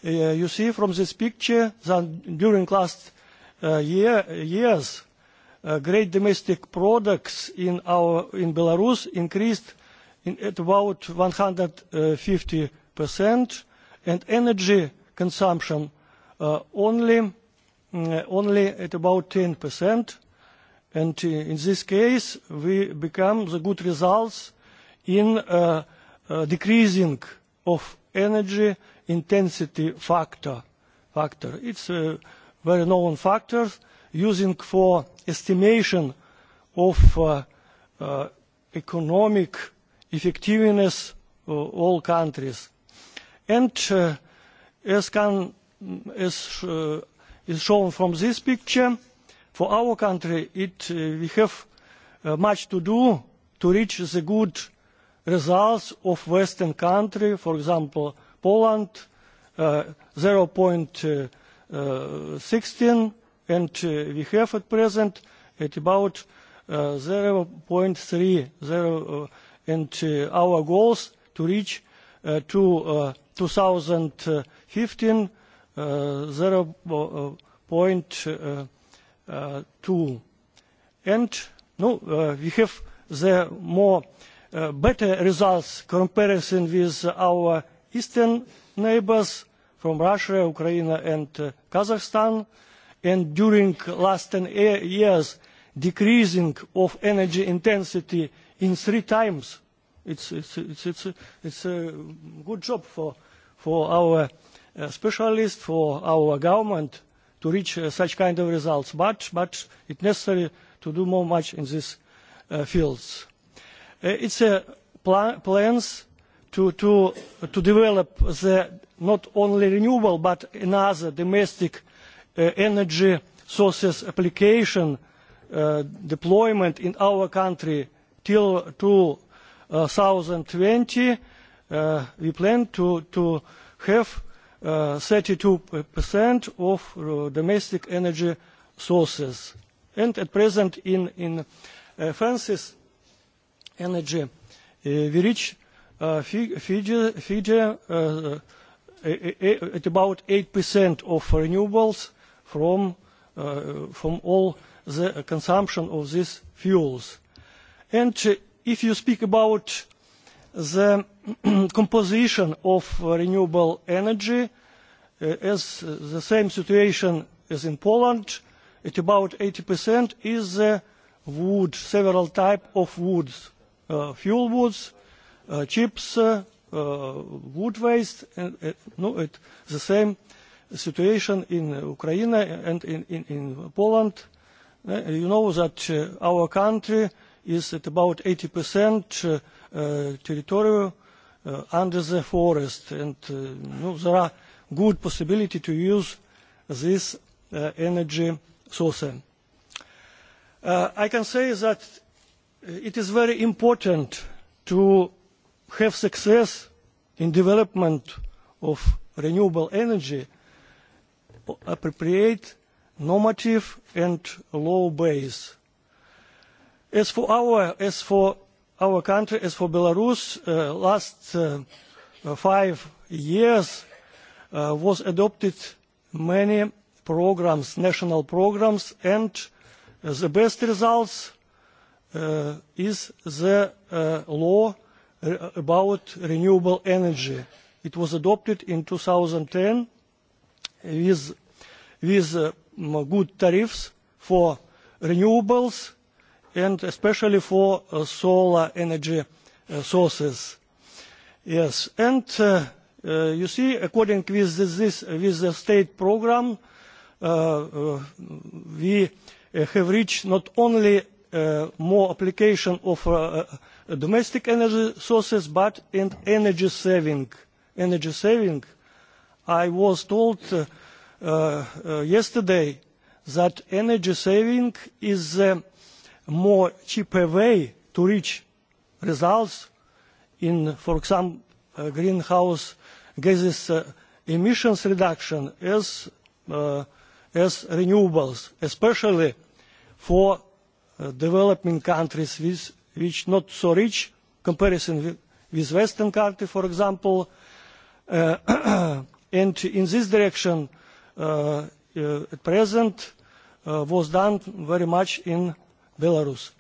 you see from this picture that during last uh, year, years, uh, great domestic products in, our, in Belarus increased in, at about 150%, and energy consumption uh, only, uh, only at about 10%. And in this case, we become the good results in uh, uh, decreasing of energy intensity factor. factor. It's a very known factor using for estimation of uh, uh, economic effectiveness of all countries. And uh, as, can, as uh, is shown from this picture, For our country, it, uh, we have uh, much to do to reach the good results of Western country, for example, Poland, uh, 0.16, uh, uh, and uh, we have at present at about uh, 0.3, 0, uh, and uh, our goals to reach uh, to uh, 2015 uh, 0.3. Eh, tool. And no, eh, we have the more eh, better results comparison with our eastern neighbours from Russia, Ukraine and Kazakhstan. And during last 10 years, decreasing of energy intensity in three times. It's, it's, it's, it's, it's a good job for, for our specialists, for our government to reach uh, such kind of results. But, but it's necessary to do more much in these uh, fields. Uh, it's a pl plans to, to, to develop the not only renewable but another domestic uh, energy sources application uh, deployment in our country till 2020. Uh, uh, we plan to, to have uh, 32% of uh, domestic energy sources. And at present in, uh, France's energy, uh, we reach uh, Fiji, Fiji at about 8% of renewables from, all the consumption of these fuels. And if you speak about the composition of renewable energy uh, is uh, the same situation as in Poland. At about 80% is uh, wood, several types of woods, uh, fuel woods, uh, chips, uh, uh, wood waste. And, uh, no, it, the same situation in Ukraine and in, in, in Poland. Uh, you know that uh, our country is at about 80% uh, E, uh, under e, the forest. And no, there are good possibility to use this e, energy source. I can say that it is very important to have success in development of renewable energy appropriate normative and law base. As for our, as for our country, as for Belarus, uh, last uh, five years uh, was adopted many programs, national programs, and uh, the best results uh, is the uh, law uh, about renewable energy. It was adopted in 2010 with, with uh, good tariffs for renewables, and especially for uh, solar energy uh, sources. Yes, and uh, uh, you see, according with this, this with the state program, uh, uh, we uh, have reached not only uh, more application of uh, uh, domestic energy sources, but in energy saving. Energy saving. I was told uh, uh, uh yesterday that energy saving is uh, more cheaper way to reach results in, for example, uh, greenhouse gases uh, emissions reduction as, uh, as renewables, especially for uh, developing countries with, which not so rich comparison with, with Western country, for example. Uh, and in this direction, uh, uh, at present, uh, was done very much in Belarus.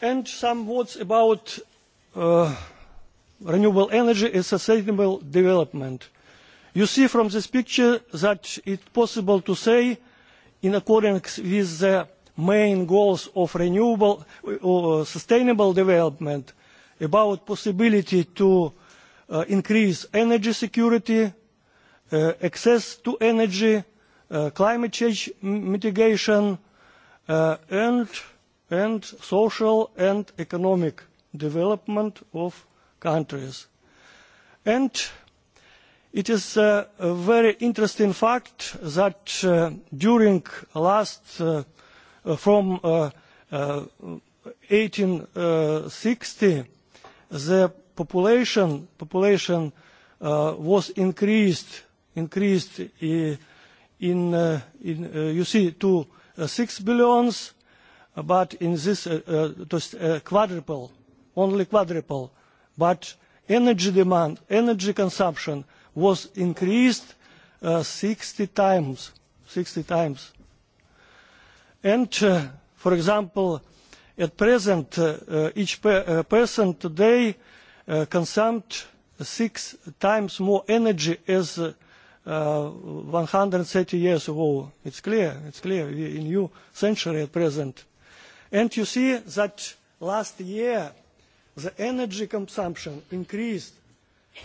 And some words about uh, renewable energy and sustainable development. You see from this picture that it's possible to say, in accordance with the main goals of renewable uh, or sustainable development, about possibility to uh, increase energy security, uh, access to energy, uh, climate change mitigation, uh, and, and social and economic development of countries. And it is uh, a very interesting fact that uh, during last, uh, uh from uh, uh, 1860, the population, population uh, was increased, increased uh, in, uh, in uh, you see, to 6 uh, billions, but in this uh, uh, quadruple, only quadruple. But energy demand, energy consumption was increased 60 times. 60 times. And, for example, at present, each per person today consumes six times more energy as uh, 130 years ago. It's clear, it's clear, we in new century at present. And you see that last year the energy consumption increased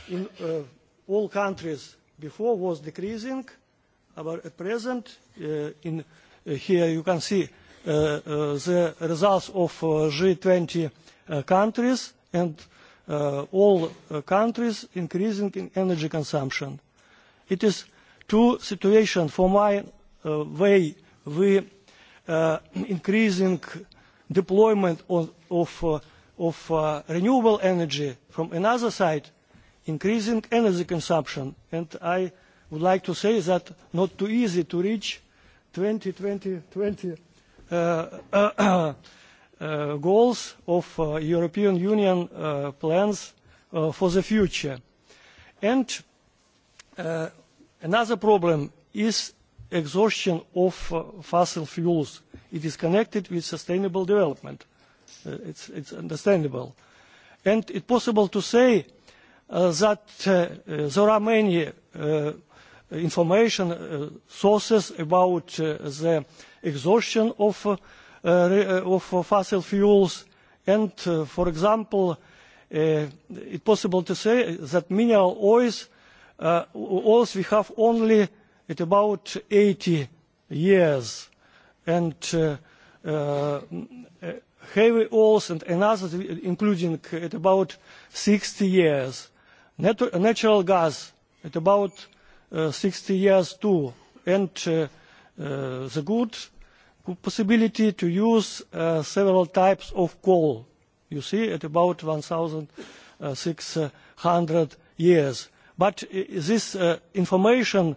in uh, all countries before was decreasing, but at present uh, in uh, here you can see uh, uh, the results of uh, G20 uh, countries and uh, all uh, countries increasing in energy consumption. It is two situations for my uh, way we uh, increasing deployment of, of, uh, of uh, renewable energy from another side, increasing energy consumption. And I would like to say that not too easy to reach 2020 20, uh, uh, goals of uh, European Union uh, plans uh, for the future. And Uh, another problem is exhaustion of uh, fossil fuels. It is connected with sustainable development. Uh, it's, it's understandable. And it's possible to say uh, that uh, uh, there are many uh, information uh, sources about uh, the exhaustion of, uh, uh of fossil fuels. And, uh, for example, it's possible to say that mineral oils Uh, also, we have only at about 80 years, and uh, uh, heavy walls and another, including at about 60 years. Nat natural gas at about uh, 60 years too, and uh, uh, the good possibility to use uh, several types of coal. You see, at about 1,600 uh, years but this uh, information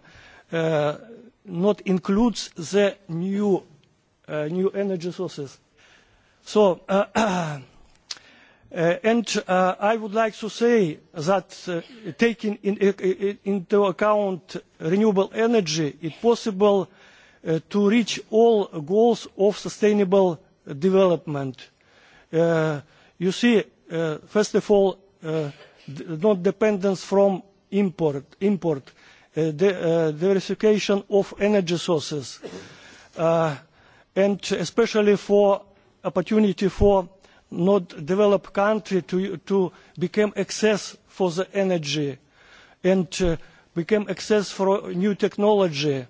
uh, not includes the new uh, new energy sources. So, and I would like to say that taking in, in, into account renewable energy, it is possible to reach all goals of sustainable development. Uh, you see, uh, first of all, uh, not dependence from import, import the, uh, uh, diversification of energy sources, uh, and especially for opportunity for not developed country to, to become access for the energy and uh, become access for new technology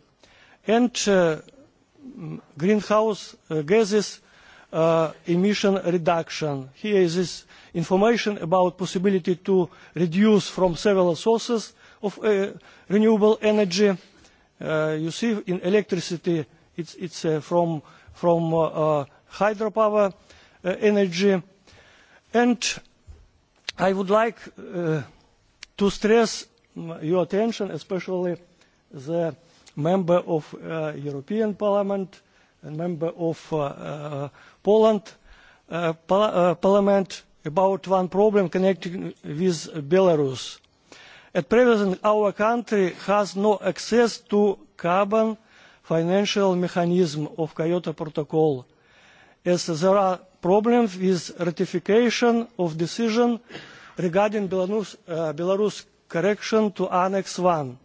and uh, greenhouse gases uh, emission reduction. Here is this information about possibility to reduce from several sources of uh, renewable energy. Uh, you see in electricity it's, it's uh, from, from uh, uh, hydropower uh, energy. And I would like uh, to stress your attention, especially the member of uh, European Parliament and member of uh, uh, Poland uh, par uh, parliament about one problem connected with Belarus. At present, our country has no access to carbon financial mechanism of Kyoto Protocol, as there are problems with ratification of decision regarding Belarus, uh, Belarus correction to Annex 1.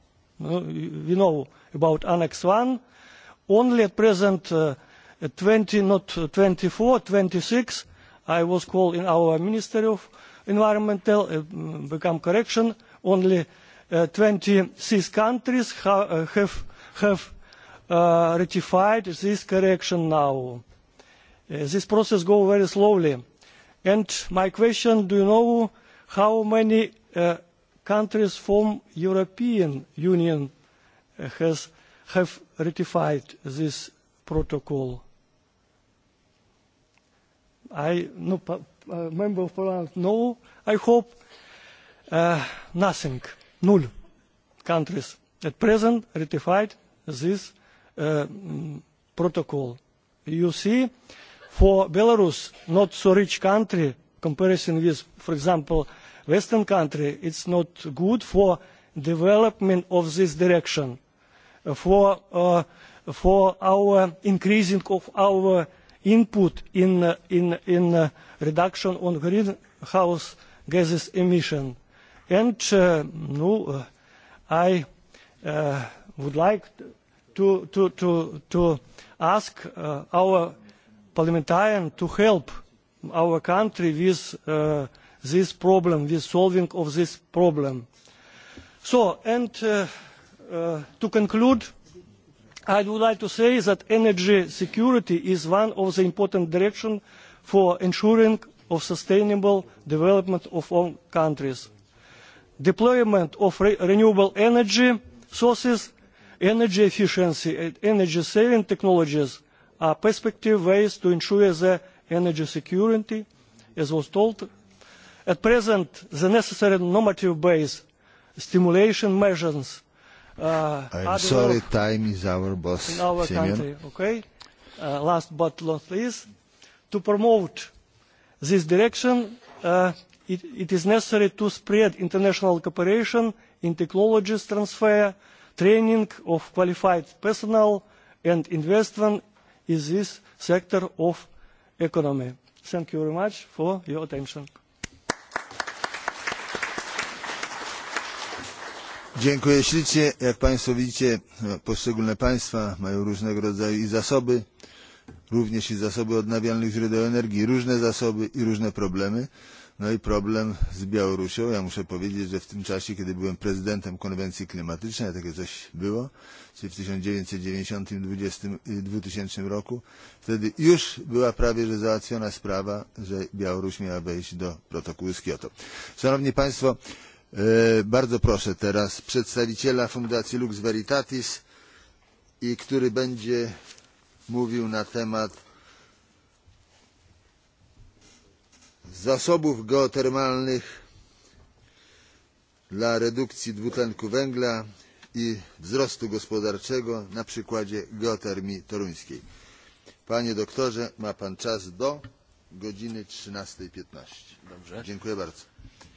we know about Annex 1. Only at present uh, At 20, not uh, 24, 26, I was called in our Ministry of Environmental, uh, become correction, only uh, 26 countries ha uh, have, have uh, ratified this correction now. Uh, this process goes very slowly. And my question, do you know how many uh, countries from European Union uh, has, have ratified this protocol? I no uh, member of parliament. No, I hope uh, nothing. Null countries at present ratified this uh, mm, protocol. You see, for Belarus, not so rich country, comparison with, for example, Western country, it's not good for development of this direction, for, uh, for our increasing of our input in, in, in reduction on greenhouse gases emission. And uh, no, I uh, would like to, to, to, to ask uh, our parliamentarian to help our country with this problem, with solving of this problem. So, and to conclude, i would like to say that energy security is one of the important directions for ensuring of sustainable development of all countries. Deployment of re renewable energy sources, energy efficiency and energy saving technologies are prospective ways to ensure the energy security, as was told. At present, the necessary normative base stimulation measures uh, I'm sorry, time is our boss. In our country, okay. Uh, last but not least, to promote this direction, uh, it, it is necessary to spread international cooperation in technologies transfer, training of qualified personnel, and investment in this sector of economy. Thank you very much for your attention. Dziękuję ślicznie. Jak Państwo widzicie, poszczególne państwa mają różnego rodzaju zasoby, również i zasoby odnawialnych źródeł energii, różne zasoby i różne problemy. No i problem z Białorusią. Ja muszę powiedzieć, że w tym czasie, kiedy byłem prezydentem konwencji klimatycznej, a takie coś było, czyli w tysiąc dziewięćset dziewięćdzisiąt dwa tysiące roku, wtedy już była prawie że załatwiona sprawa, że Białoruś miała wejść do protokołu z Kioto. Szanowni Państwo, E, bardzo proszę teraz przedstawiciela Fundacji Lux Veritatis, i który będzie mówił na temat zasobów geotermalnych dla redukcji dwutlenku węgla i wzrostu gospodarczego na przykładzie geotermii toruńskiej. Panie doktorze, ma pan czas do godziny 13.15. Dobrze. Dziękuję bardzo.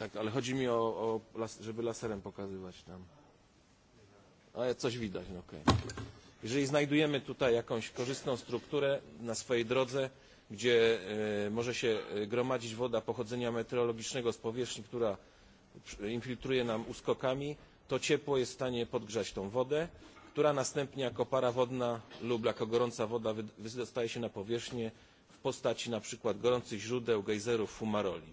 Tak, ale chodzi mi o, o las, żeby laserem pokazywać tam. Ale coś widać, no okej. Okay. Jeżeli znajdujemy tutaj jakąś korzystną strukturę na swojej drodze, gdzie y, e, może się e, gromadzić woda pochodzenia meteorologicznego z powierzchni, która infiltruje nam uskokami, to ciepło jest w stanie podgrzać tą wodę, która następnie jako para wodna lub jako gorąca woda wydostaje się na powierzchnię w postaci na przykład gorących źródeł, gejzerów, fumaroli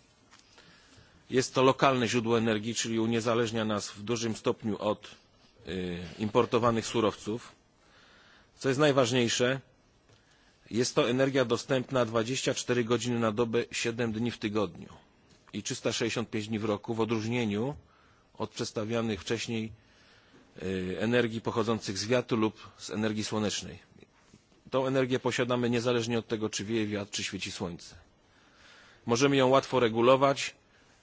jest to lokalne źródło energii czyli uniezależnia nas w dużym stopniu od importowanych surowców. co jest najważniejsze jest to energia dostępna dwadzieścia cztery godziny na dobę siedem dni w tygodniu i trzysta sześćdziesiąt pięć dni w roku w odróżnieniu od przedstawianych wcześniej energii pochodzących z wiatru lub z energii słonecznej. Tą energię posiadamy niezależnie od tego, czy wieje wiatr, czy świeci słońce. Możemy ją łatwo regulować,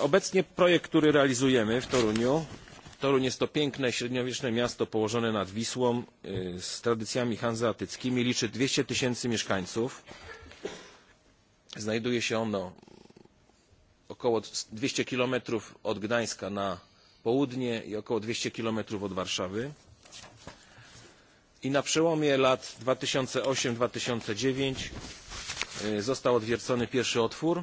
obecnie projekt który realizujemy w toruniu toruń jest to piękne średniowieczne miasto położone nad wisłą z tradycjami hanzeatyckimi liczy dwieście tysięcy mieszkańców znajduje się ono około dwieście kilometrów od gdańska na południe i około dwieście kilometrów od warszawy i na przełomie lat dwa tysiące osiem dwa tysiące dziewięć został odwiercony pierwszy otwór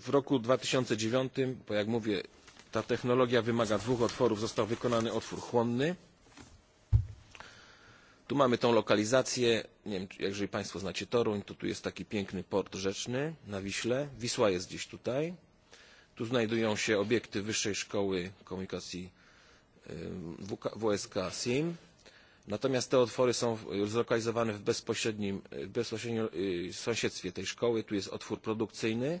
w roku dwa tysiące dziewięć bo jak mówię ta technologia wymaga dwóch otworów został wykonany otwór chłonny tu mamy tą lokalizację nie wiem jeżeli państwo znacie toruń to tu jest taki piękny port rzeczny na wiśle wisła jest gdzieś tutaj tu znajdują się obiekty wyższej szkoły komunikacji wsk sim natomiast te otwory są zlokalizowane w bezpośrednim, w bezpośrednim sąsiedztwie tej szkoły tu jest otwór produkcyjny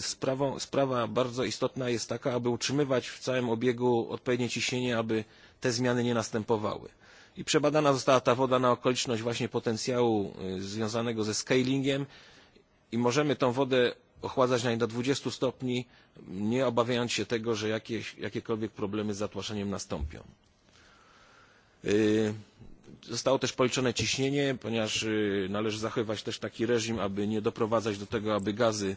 Sprawą, e, sprawa bardzo istotna jest taka, aby utrzymywać w całym obiegu odpowiednie ciśnienie, aby te zmiany nie następowały. I przebadana została ta woda na okoliczność właśnie potencjału e, związanego ze scalingiem i możemy tą wodę ochładzać nawet do 20 stopni, nie obawiając się tego, że jakieś, jakiekolwiek problemy z zatłaszczeniem nastąpią. E, zostało też policzone ciśnienie, ponieważ należy zachowywać też taki reżim, aby nie doprowadzać do tego, aby gazy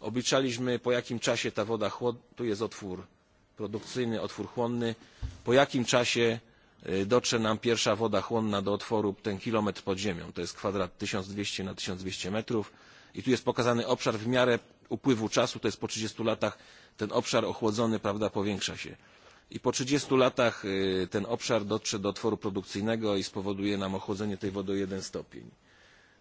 Obliczaliśmy po jakim czasie ta woda chłodnie, tu jest otwór produkcyjny, otwór chłonny, po jakim czasie dotrze nam pierwsza woda chłonna do otworu ten kilometr pod ziemią. To jest kwadrat 1200 na 1200 metrów i tu jest pokazany obszar w miarę upływu czasu, to jest po 30 latach ten obszar ochłodzony prawda, powiększa się. I po 30 latach ten obszar dotrze do otworu produkcyjnego i spowoduje nam ochłodzenie tej wody o jeden stopień.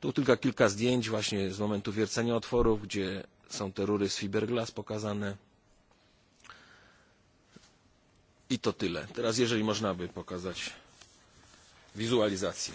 Tu tylko kilka zdjęć właśnie z momentu wiercenia otworów, gdzie są te rury z fiberglass pokazane. I to tyle. Teraz jeżeli można by pokazać wizualizację.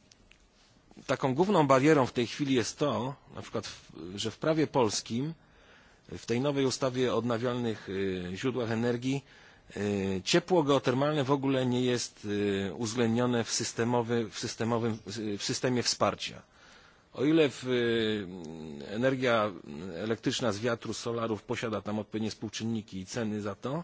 taką główną barierą w tej chwili jest to, na przykład, że w prawie polskim, w tej nowej ustawie o odnawialnych źródłach energii, ciepło geotermalne w ogóle nie jest uwzględnione w, systemowy, w, systemowym, w systemie wsparcia. O ile w, energia elektryczna z wiatru, z solarów posiada tam odpowiednie współczynniki i ceny za to,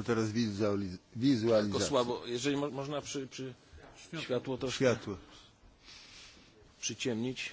to teraz wizualizacja. Tylko jako słabo, jeżeli mo można przy, przy światło. światło troszkę światło. przyciemnić.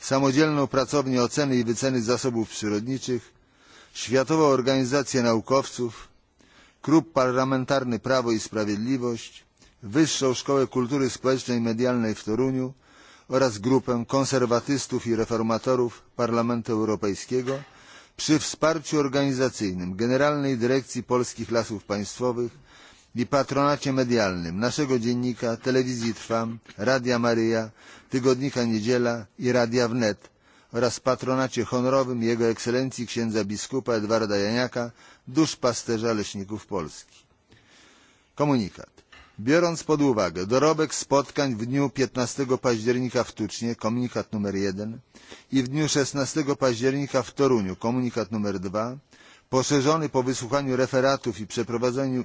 samodzielną pracownię oceny i wyceny zasobów przyrodniczych światową organizację naukowców klub parlamentarny prawo i sprawiedliwość wyższą szkołę kultury społecznej i medialnej w toruniu oraz grupę konserwatystów i reformatorów parlamentu europejskiego przy wsparciu organizacyjnym generalnej dyrekcji polskich lasów państwowych i patronacie medialnym naszego dziennika Telewizji Trwam, Radia Maryja, Tygodnika Niedziela i Radia Wnet oraz patronacie honorowym Jego Ekscelencji księdza biskupa Edwarda Janiaka, duszpasterza leśników Polski. Komunikat. Biorąc pod uwagę dorobek spotkań w dniu 15 października w Tucznie, komunikat numer 1, i w dniu 16 października w Toruniu, komunikat numer 2, poszerzony po wysłuchaniu referatów i przeprowadzeniu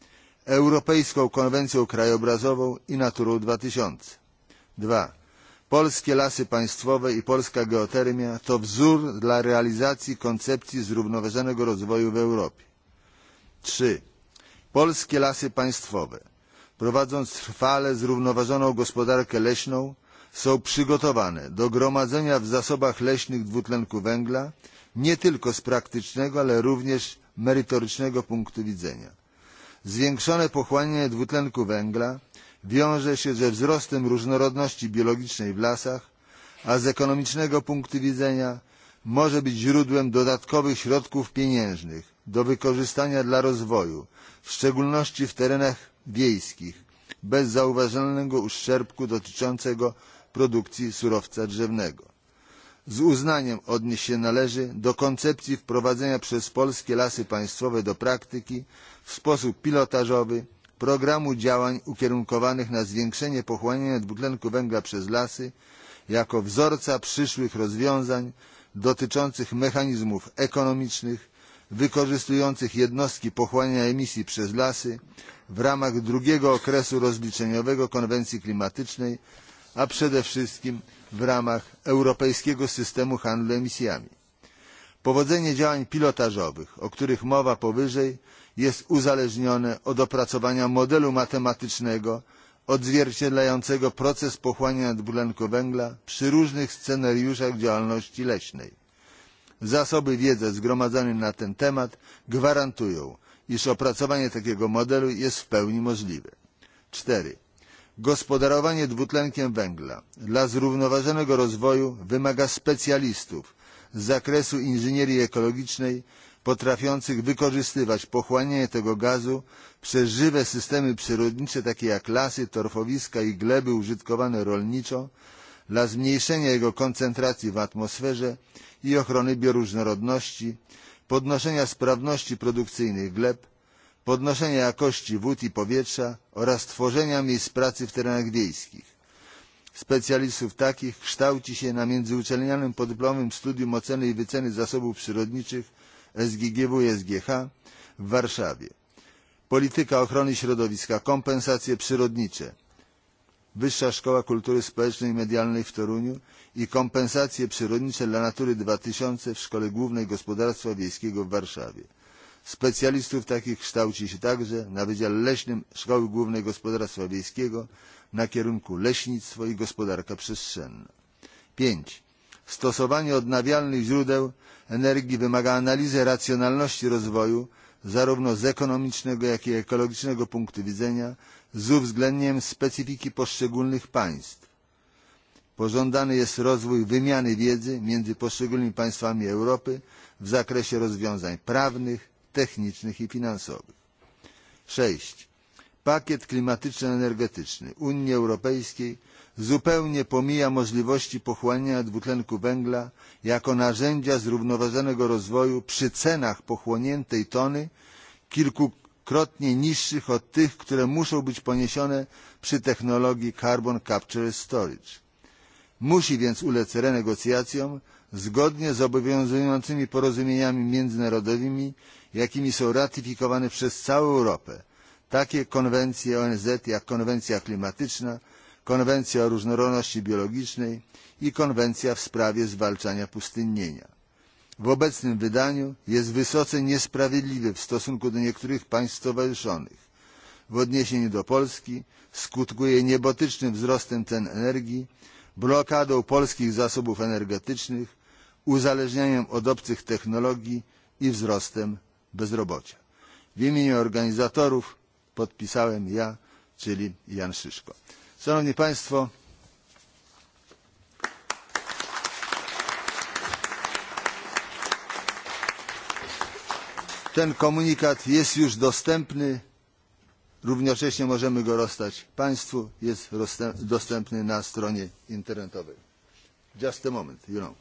Europejską Konwencją Krajobrazową i Naturą 2000. dwa Polskie lasy państwowe i polska geotermia to wzór dla realizacji koncepcji zrównoważonego rozwoju w Europie. trzy Polskie lasy państwowe, prowadząc trwale zrównoważoną gospodarkę leśną, są przygotowane do gromadzenia w zasobach leśnych dwutlenku węgla nie tylko z praktycznego, ale również merytorycznego punktu widzenia zwiększone pochłanianie dwutlenku węgla wiąże się ze wzrostem różnorodności biologicznej w lasach a z ekonomicznego punktu widzenia może być źródłem dodatkowych środków pieniężnych do wykorzystania dla rozwoju w szczególności w terenach wiejskich bez zauważalnego uszczerbku dotyczącego produkcji surowca drzewnego. z uznaniem odnieść się należy do koncepcji wprowadzenia przez polskie lasy państwowe do praktyki w sposób pilotażowy programu działań ukierunkowanych na zwiększenie pochłaniania dwutlenku węgla przez lasy jako wzorca przyszłych rozwiązań dotyczących mechanizmów ekonomicznych wykorzystujących jednostki pochłaniania emisji przez lasy w ramach drugiego okresu rozliczeniowego konwencji klimatycznej a przede wszystkim w ramach europejskiego systemu handlu emisjami. Powodzenie działań pilotażowych, o których mowa powyżej, jest uzależnione od opracowania modelu matematycznego odzwierciedlającego proces pochłaniania dwutlenku węgla przy różnych scenariuszach działalności leśnej. Zasoby wiedzy zgromadzone na ten temat gwarantują, iż opracowanie takiego modelu jest w pełni możliwe. 4. Gospodarowanie dwutlenkiem węgla dla zrównoważonego rozwoju wymaga specjalistów, z zakresu inżynierii ekologicznej potrafiących wykorzystywać pochłanianie tego gazu przez żywe systemy przyrodnicze takie jak lasy torfowiska i gleby użytkowane rolniczo dla zmniejszenia jego koncentracji w atmosferze i ochrony bioróżnorodności podnoszenia sprawności produkcyjnych gleb podnoszenia jakości wód i powietrza oraz tworzenia miejsc pracy w terenach wiejskich specjalistów takich kształci się na międzyuczelnianym podyplomowym studium oceny i wyceny zasobów przyrodniczych SGGW SGH w Warszawie. Polityka ochrony środowiska, kompensacje przyrodnicze, Wyższa Szkoła Kultury Społecznej i Medialnej w Toruniu i kompensacje przyrodnicze dla Natury 2000 w Szkole Głównej Gospodarstwa Wiejskiego w Warszawie. Specjalistów takich kształci się także na Wydziale Leśnym Szkoły Głównej Gospodarstwa Wiejskiego na kierunku leśnictwo i gospodarka przestrzenna. pięć stosowanie odnawialnych źródeł energii wymaga analizy racjonalności rozwoju zarówno z ekonomicznego jak i ekologicznego punktu widzenia z uwzględnieniem specyfiki poszczególnych państw. pożądany jest rozwój wymiany wiedzy między poszczególnymi państwami europy w zakresie rozwiązań prawnych technicznych i finansowych. sześć pakiet klimatyczno energetyczny unii europejskiej zupełnie pomija możliwości pochłaniania dwutlenku węgla jako narzędzia zrównoważonego rozwoju przy cenach pochłoniętej tony kilkukrotnie niższych od tych które muszą być poniesione przy technologii carbon capture storage. musi więc ulec renegocjacjom zgodnie z obowiązującymi porozumieniami międzynarodowymi jakimi są ratyfikowane przez całą europę takie konwencje onz jak konwencja klimatyczna konwencja o różnorodności biologicznej i konwencja w sprawie zwalczania pustynnienia. w obecnym wydaniu jest wysoce niesprawiedliwy w stosunku do niektórych państw stowarzyszonych. w odniesieniu do polski skutkuje niebotycznym wzrostem cen energii blokadą polskich zasobów energetycznych uzależnianiem od obcych technologii i wzrostem bezrobocia. w imieniu organizatorów podpisałem ja, czyli Jan Szyszko. Szanowni Państwo, ten komunikat jest już dostępny. Równocześnie możemy go rozstać Państwu. Jest dostępny na stronie internetowej. Just a moment, you know.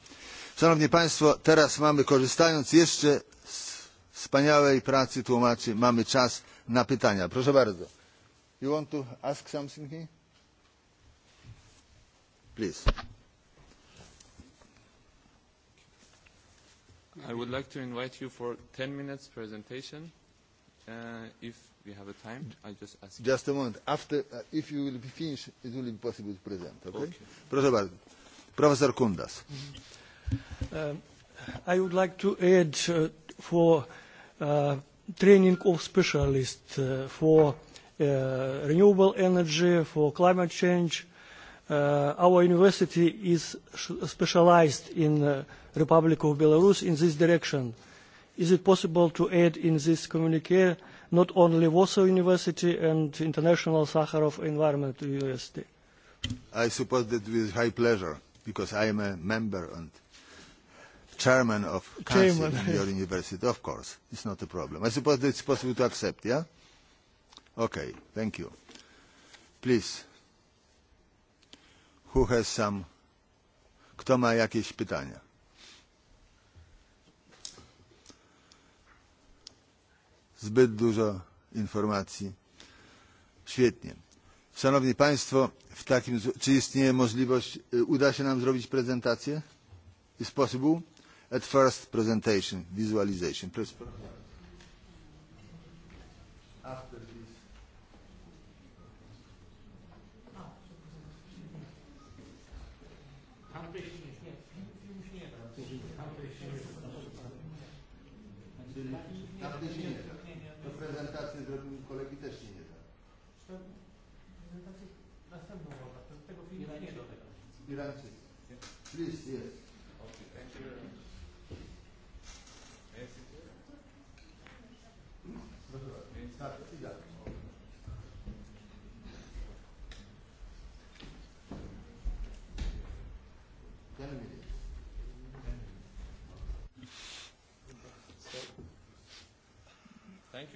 Szanowni Państwo, teraz mamy, korzystając jeszcze z wspaniałej pracy tłumaczy, mamy czas na pytania. Proszę bardzo. You want to ask something here? Please. I would like to invite you for 10 minutes presentation. Uh, if we have a time, I just ask. Just a moment. After, uh, if you will be finished, it will be possible to present. Okay? okay. Proszę bardzo. Professor Kundas. Mm -hmm. uh, I would like to add uh, for uh, training of specialists uh, for uh, renewable energy, for climate change. Uh, our university is specialized in the uh, Republic of Belarus in this direction. Is it possible to add in this communique not only Warsaw University and International Sakharov Environment University? I suppose that with high pleasure, because I am a member and chairman of council in your university, of course. It's not a problem. I suppose it's possible to accept, yeah? Okay, thank you. Please, who has some, kto ma jakieś pytania? Zbyt dużo informacji. Świetnie. Szanowni Państwo, w takim, czy istnieje możliwość, uda się nam zrobić prezentację? Is possible? at first presentation, visualization. Please.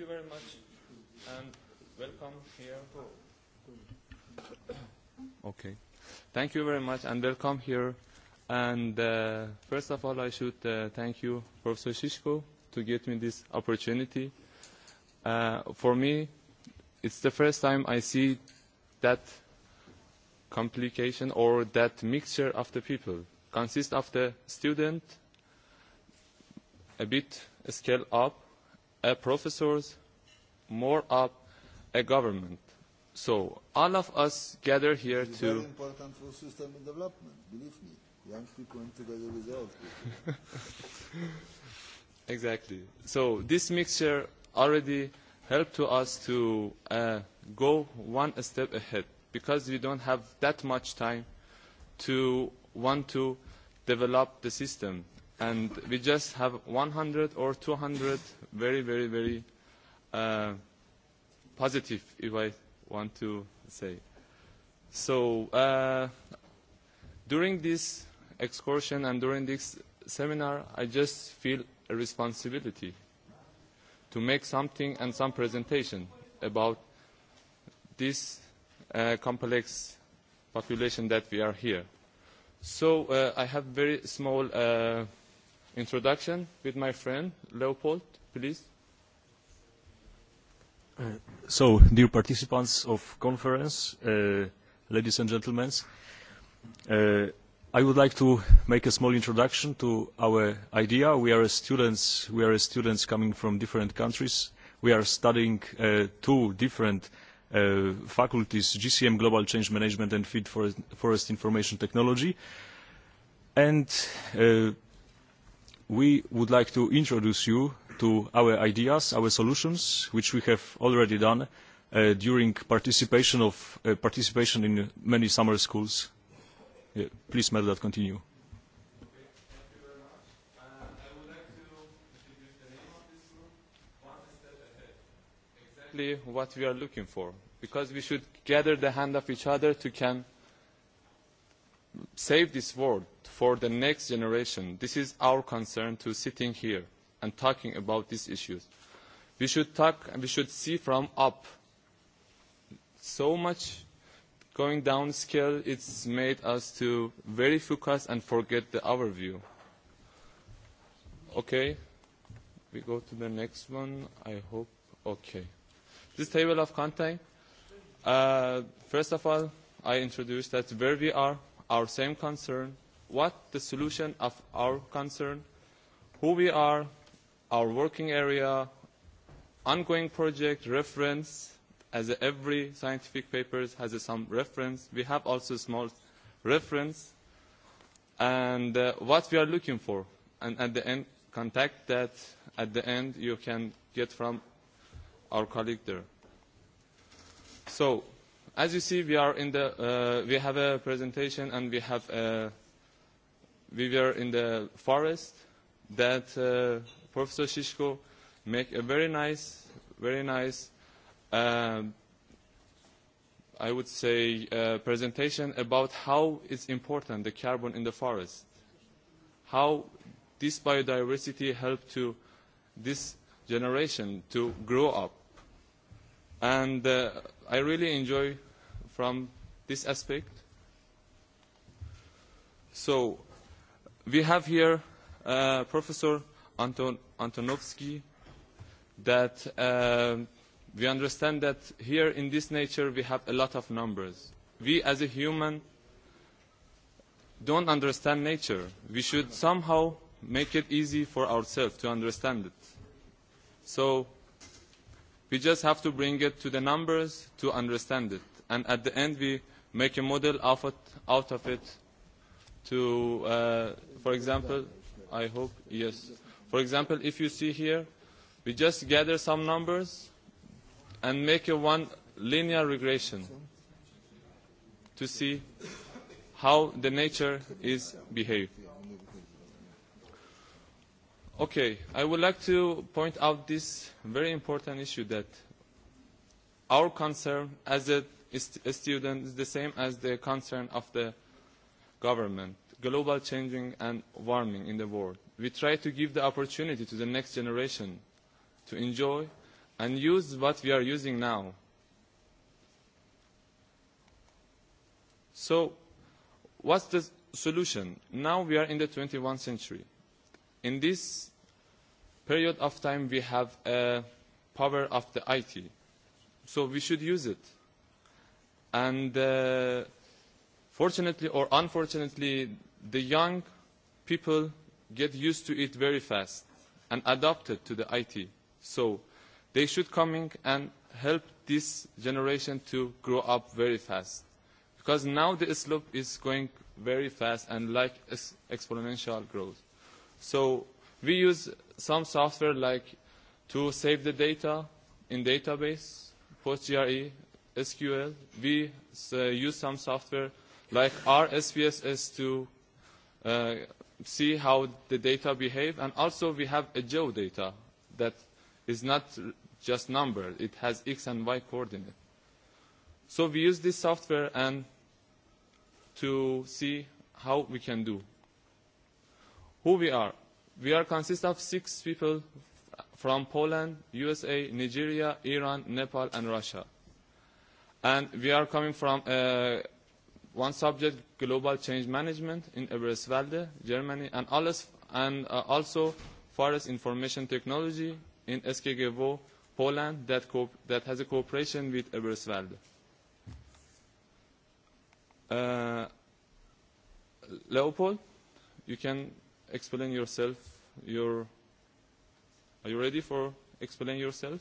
you very much and welcome here. Okay. Thank you very much and welcome here. And uh, first of all, I should uh, thank you, Professor Shishko, to get me this opportunity. Uh, for me, it's the first time I see that complication or that mixture of the people consists of the student a bit scale up a uh, professors, more up a government. So all of us gather here it is to... very important for system development, believe me. Young people and together with old people. exactly. So this mixture already helped to us to uh, go one step ahead because we don't have that much time to want to develop the system and we just have 100 or 200 very, very, very uh, positive, if I want to say. So uh, during this excursion and during this seminar, I just feel a responsibility to make something and some presentation about this uh, complex population that we are here. So uh, I have very small uh, introduction with my friend Leopold, please. Uh, so, dear participants of conference, uh, ladies and gentlemen, uh, I would like to make a small introduction to our idea. We are students. We are students coming from different countries. We are studying uh, two different uh, faculties: GCM Global Change Management and Feed Forest, Forest Information Technology. And uh, we would like to introduce you to our ideas, our solutions, which we have already done uh, during participation, of, uh, participation in many summer schools. Yeah, uh, please, Medlat, continue. exactly what we are looking for because we should gather the hand of each other to can save this world for the next generation. This is our concern to sitting here and talking about these issues. We should talk and we should see from up. So much going down scale, it's made us to very focus and forget the overview. Okay, we go to the next one. I hope, okay. This table of content, uh, first of all, I introduced that where we are, our same concern, what the solution of our concern, who we are, our working area, ongoing project, reference, as every scientific paper has some reference. We have also small reference and uh, what we are looking for. And at the end, contact that at the end you can get from our colleague there. So, as you see, we are in the, uh, we have a presentation and we have a we were in the forest that uh, Professor Shishko make a very nice, very nice, uh, I would say, uh, presentation about how it's important the carbon in the forest, how this biodiversity helped to this generation to grow up. And uh, I really enjoy from this aspect. So we have here uh, Professor Anton Antonovsky that uh, we understand that here in this nature we have a lot of numbers. We as a human don't understand nature. We should somehow make it easy for ourselves to understand it. So we just have to bring it to the numbers to understand it. And at the end we make a model of it, out of it to uh, for example, I hope, yes. For example, if you see here, we just gather some numbers and make a one linear regression to see how the nature is behaved. Okay, I would like to point out this very important issue that our concern as a, a student is the same as the concern of the government global changing and warming in the world. We try to give the opportunity to the next generation to enjoy and use what we are using now. So what's the solution? Now we are in the 21st century. In this period of time, we have a uh, power of the IT. So we should use it. And uh, fortunately or unfortunately, the young people get used to it very fast and adapt to the IT. So they should come in and help this generation to grow up very fast. Because now the slope is going very fast and like exponential growth. So we use some software like to save the data in database, PostGRE, SQL. We uh, use some software like RSVSS to uh, see how the data behave. And also we have a geo data that is not just number. It has X and Y coordinate. So we use this software and to see how we can do. Who we are? We are consist of six people from Poland, USA, Nigeria, Iran, Nepal, and Russia. And we are coming from a uh, One subject, global change management in Eberswalde, Germany, and, others, and uh, also forest information technology in SKGVO, Poland, that, co that has a cooperation with Eberswalde. Uh, Leopold, you can explain yourself. Your, are you ready for explain yourself?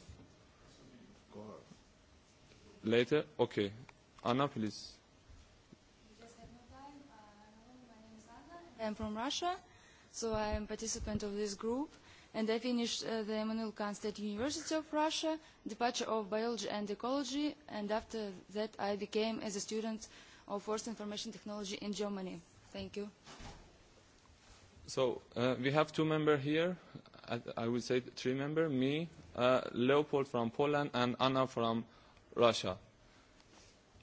Later? Okay. Anna, please. I'm from Russia, so I am participant of this group, and I finished uh, the Emmanuel Kant State University of Russia, departure of biology and ecology, and after that I became as a student of forced information technology in Germany. Thank you. So uh, we have two members here. I, I would say three members, me, uh, Leopold from Poland, and Anna from Russia.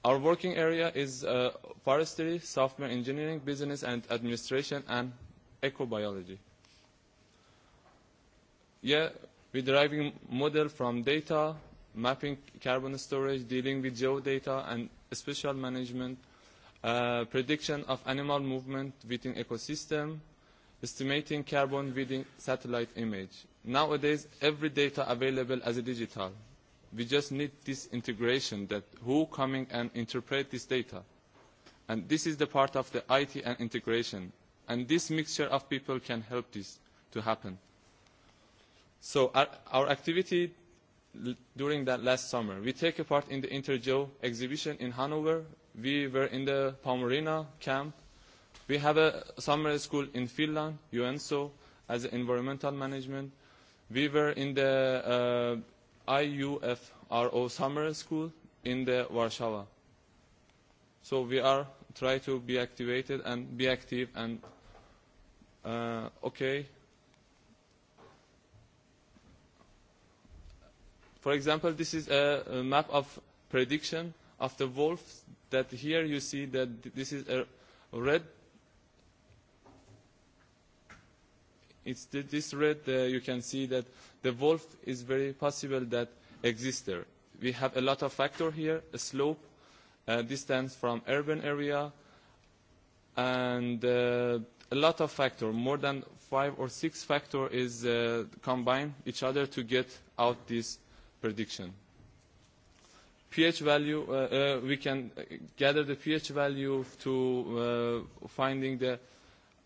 Our working area is uh, forestry, software engineering, business and administration, and ecobiology. Yeah, we're deriving model from data, mapping carbon storage, dealing with geodata and special management, uh, prediction of animal movement within ecosystem, estimating carbon within satellite image. Nowadays, every data available as a digital we just need this integration that who coming and interpret this data and this is the part of the IT and integration and this mixture of people can help this to happen so our, our activity during that last summer we take a part in the intergeo exhibition in hanover we were in the Pomerina camp we have a summer school in finland UNSO, as environmental management we were in the uh, IUFRO summer school in the Warsaw. So we are try to be activated and be active and uh, okay. For example, this is a, a map of prediction of the wolves that here you see that this is a red It's the, this red, uh, you can see that the wolf is very possible that exists there. We have a lot of factor here, a slope, uh, distance from urban area, and uh, a lot of factor, more than five or six factor is uh, combined each other to get out this prediction. pH value, uh, uh, we can uh, gather the pH value to uh, finding the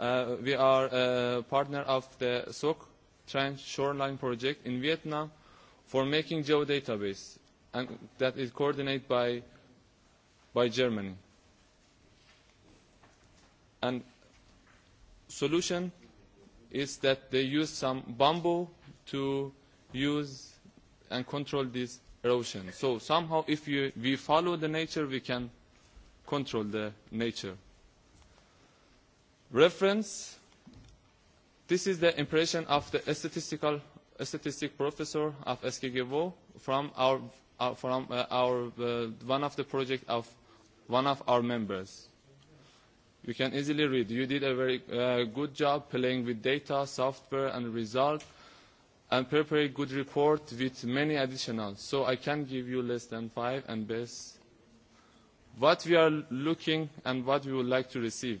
Uh, we are a uh, partner of the SOC Trench Shoreline Project in Vietnam for making geodatabase, and that is coordinated by, by Germany. And solution is that they use some bamboo to use and control this erosion. So somehow if you, we follow the nature, we can control the nature. Reference. This is the impression of the statistical statistic professor of SKGVO from our uh, from uh, our uh, one of the project of one of our members. You can easily read. You did a very uh, good job playing with data, software, and result, and prepare a good report with many additional. So I can give you less than five and best. What we are looking and what we would like to receive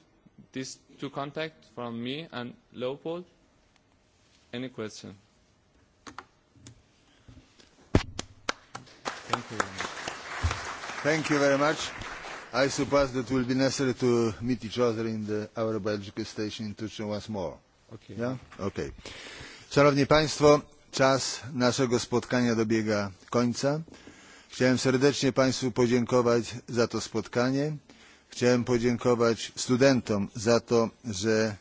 these two contacts from me and Leopold. Any question? Thank you very much. Thank you very much. I suppose that will be necessary to meet each other in the, our biological station in Tucson once more. Okay. Yeah? Okay. Szanowni Państwo, czas naszego spotkania dobiega końca. Chciałem serdecznie Państwu podziękować za to spotkanie Chciałem podziękować studentom za to, że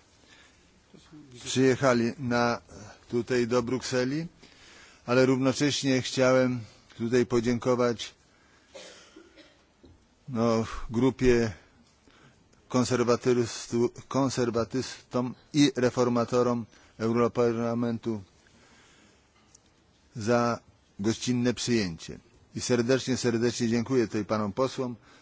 przyjechali na, tutaj do Brukseli, ale równocześnie chciałem tutaj podziękować no, grupie konserwatystom i reformatorom Europarlamentu za gościnne przyjęcie. I serdecznie, serdecznie dziękuję tutaj panom posłom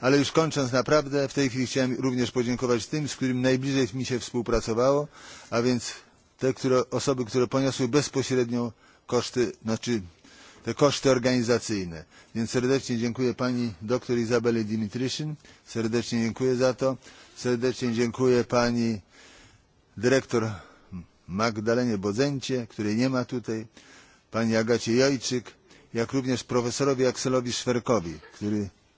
ale już kończąc naprawdę w tej chwili chciałem również podziękować tym z którymi najbliżej mi się współpracowało a więc te które, osoby które poniosły bezpośrednio koszty znaczy te koszty organizacyjne. Więc serdecznie dziękuję pani doktor Izabeli Dimitryszyn, serdecznie dziękuję za to, serdecznie dziękuję pani dyrektor Magdalenie Bodzencie, której nie ma tutaj, pani Agacie Jojczyk, jak również profesorowi Akselowi Szwerkowi, który